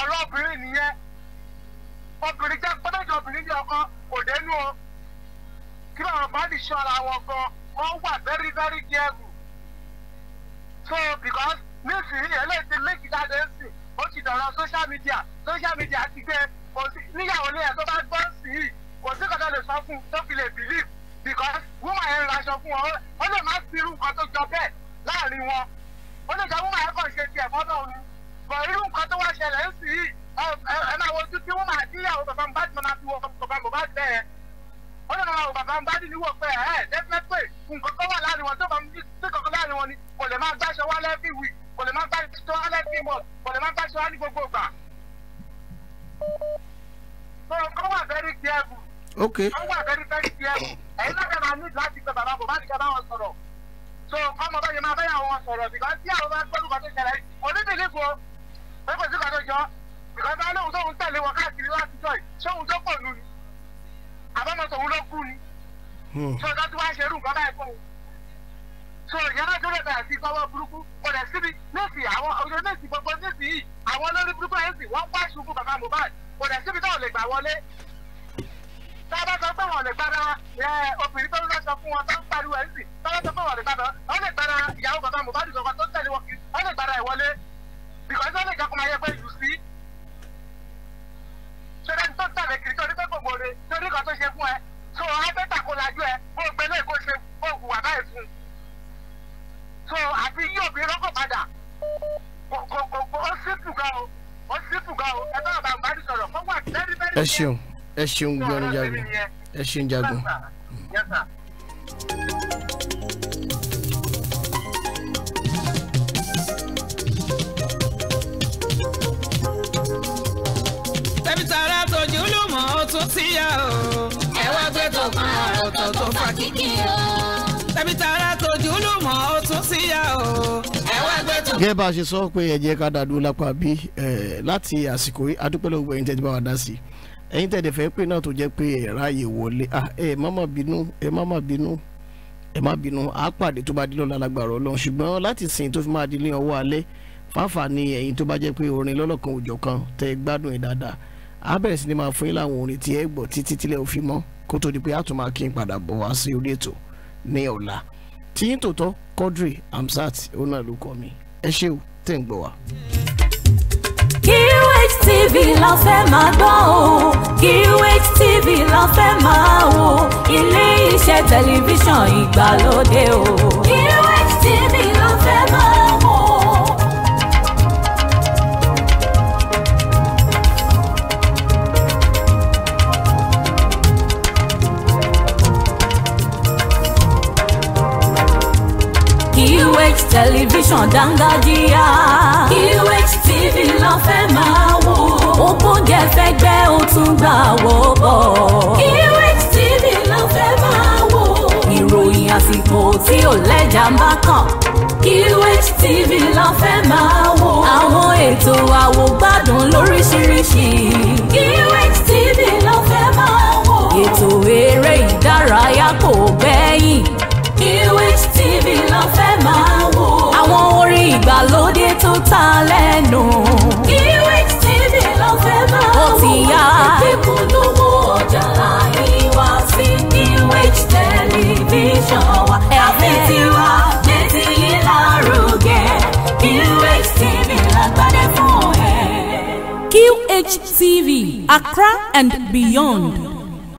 ọ̀rọ̀ nìyẹn obìnrin jẹ́ pọ́tàkì obìnrin ní ọkọ kò dénú o kí àwọn bọ́ọ̀lì ṣọ́ra wọn gan wọ́n wà very very careful so because nísìnyí eléyìí méjì jáde ń sìn ó ti dọ̀rọ̀ social media social media ti gbé kò sí níyàwó ní ẹ̀ tó bá gbọ́ sí i kò sí kọ́tà lè sọ fún un tó fi lè believe because woman yẹn raṣọ fún wọn ó lè má sí irú nǹkan tó jọ bẹ́ẹ̀ láàrin wọn ó lè jẹ́ woman yẹn kàn ṣe tiẹ̀ fọ́tọ̀ òun bọ̀ irú nǹkan tó wá ṣẹlẹ̀ ń sì yìí ẹ máa wo ojú tí wọ́n máa dín ìyàwó bàbá Mohbad máa fi wọ bàbá Mohbad bẹ́ẹ̀ yẹn wọ́n náà máa wọ bàbá Mohbad ní wọ̀ pé ẹ̀ definitely nǹkan tó wà láàrin wọn tó bá mú sí kankan láàrin wọn ni kò lè máa gbàṣọ wálé every week kò lè máa gbàṣọ wálé every month kò lè máa gbàṣọ wálé gbogbo ìgbà. so kọ́ wà very careful. ok kọ́ wà very very careful ẹ̀yin náà máa ní láti pé bàbá Mohbad kẹ́ bá sọ̀rọ̀ so ọmọ bẹ́ẹ̀ máa bẹ́ẹ̀ àwọn sọ̀rọ̀ bìkan tí àwọn bá gbọ́dọ̀ pé kò sí kàtó jọ ìkàtà lóhùn tóun tẹ̀lé wọn káàkiri láti jọ sóhun tó pọ̀ nù ni àbámọ̀ tòun ló kú ni hmm. tó ọjọ́ tí ṣe irú nǹkan báyìí fún so ìyẹn náà tó lè bẹ̀rẹ̀ sí kọ́wọ́ burúkú kò dẹ̀ síbi níìsì àwọn òye níìsì gbogbo níìsì yìí àwọn olórí burúkú ẹ̀sì wọ́n wá ṣubú bàbá Mohbad kò dẹ̀ síbi táwọn lè gbà wọlé tá a bá sọ pé wọn lè gbára ẹ obìnrin tó ń lọ sọ fún wọn tó ń pariwo ẹ̀sì tá a bá sọ pé wọn lè gbára wọn gbára ìyàwó bàbá Mohbad ìjọba tó tẹ̀lé wọn kiri wọn lè gbára ìwọlé because wọ́n lè jẹ́ kó máa yẹ pé you see ṣẹlẹ̀ ní tó ń tàlẹ̀ kiri tó ní pé kò mòre tó ní kan tó ṣe fún ẹ so wọ́n fẹ́ lajú ẹ bó o gbẹ́lẹ́ kó ṣe bó o hùwà báyìí fún so àti yí òbí lọ́kọ̀ padà ó sì fùgà o ó sì fùgà o ẹ bá bàbá mi sọ̀rọ̀ fún wa very very. ẹ ṣeun gbọ́n jagun ẹ ṣeun jagun. tara tójú ló mọ̀ ó tún ti yá o. ẹ wá gbé tó kan àròtọ̀ tó fa kíkì o. tẹ̀bí tara tójú ló mọ̀ ó tún ti yá o. ẹ wá gbé tó. gẹ́gẹ́ bá a ṣe sọ pé ẹ jẹ́ ká dàdú lápá bí láti àsìkò yìí adúpẹ́lẹ́ gbogbo ẹ̀yin tẹ́tí bá wa dá sí ẹ̀yin tẹ̀dẹ̀ fẹ́ pé náà tó jẹ́ pé ẹ̀ ráàyè wọlé ẹ má bínú ẹ má bínú ẹ má bínú á pàdé tó bá dé lọ́la lágbára ọlọ́run ṣùgbọ́n láti sìn tó fi máa di ní ọwọ́ alẹ́ fáfà ni ẹ̀yin tó bá jẹ́ pé orin lọ́lọ́kan òjọ̀kan tẹ́ gbádùn ẹ̀ dáadáa abẹ́rẹ́ sí ni máa fún yín láwọn orin tí ẹ gbọ́ títí tílẹ̀ òfin mọ́ kó tó di pé àtúmọ̀ kí n padà bọ̀ wá sí orí ètò ní ọ̀la tí yín tòótọ́ Quadri Hamzat òun náà ló kọ́ mi ẹ ṣé o tẹ̀ ń gbọ́ wa. QH TV la fẹ́ máa gbọ́ o QH TV la fẹ́ máa wo ilé iṣẹ́ tẹlifíṣàn ìgbàlódé o. QH tẹlifíṣàn dáńgájíá. QHTV ló fẹ́ máa wò. ògbóǹgẹ̀ fẹ́gbẹ́ ó tún gbà wọ́ bọ̀. QHTV ló fẹ́ máa wò. ìròyìn àsìkò tí ò lẹ́jà ń bá kàn. QHTV ló fẹ́ máa wò. àwọn ètò àwògbádùn lóríṣiríṣi. QHTV ló fẹ́ máa wò. ètò eré ìdárayá kò gbẹ́yìn. QHTV ló fẹ́ máa wò àwọn orin ìgbàlódé tó ta lẹ́nu. QH TV ló fẹ́ máa wò ó ti ọjà láyé sí QH tẹlifíṣàn wa. ẹ̀fẹ̀ ti wá dé lárugẹ QH TV lágbádé fún ẹ. QH Accra and beyond.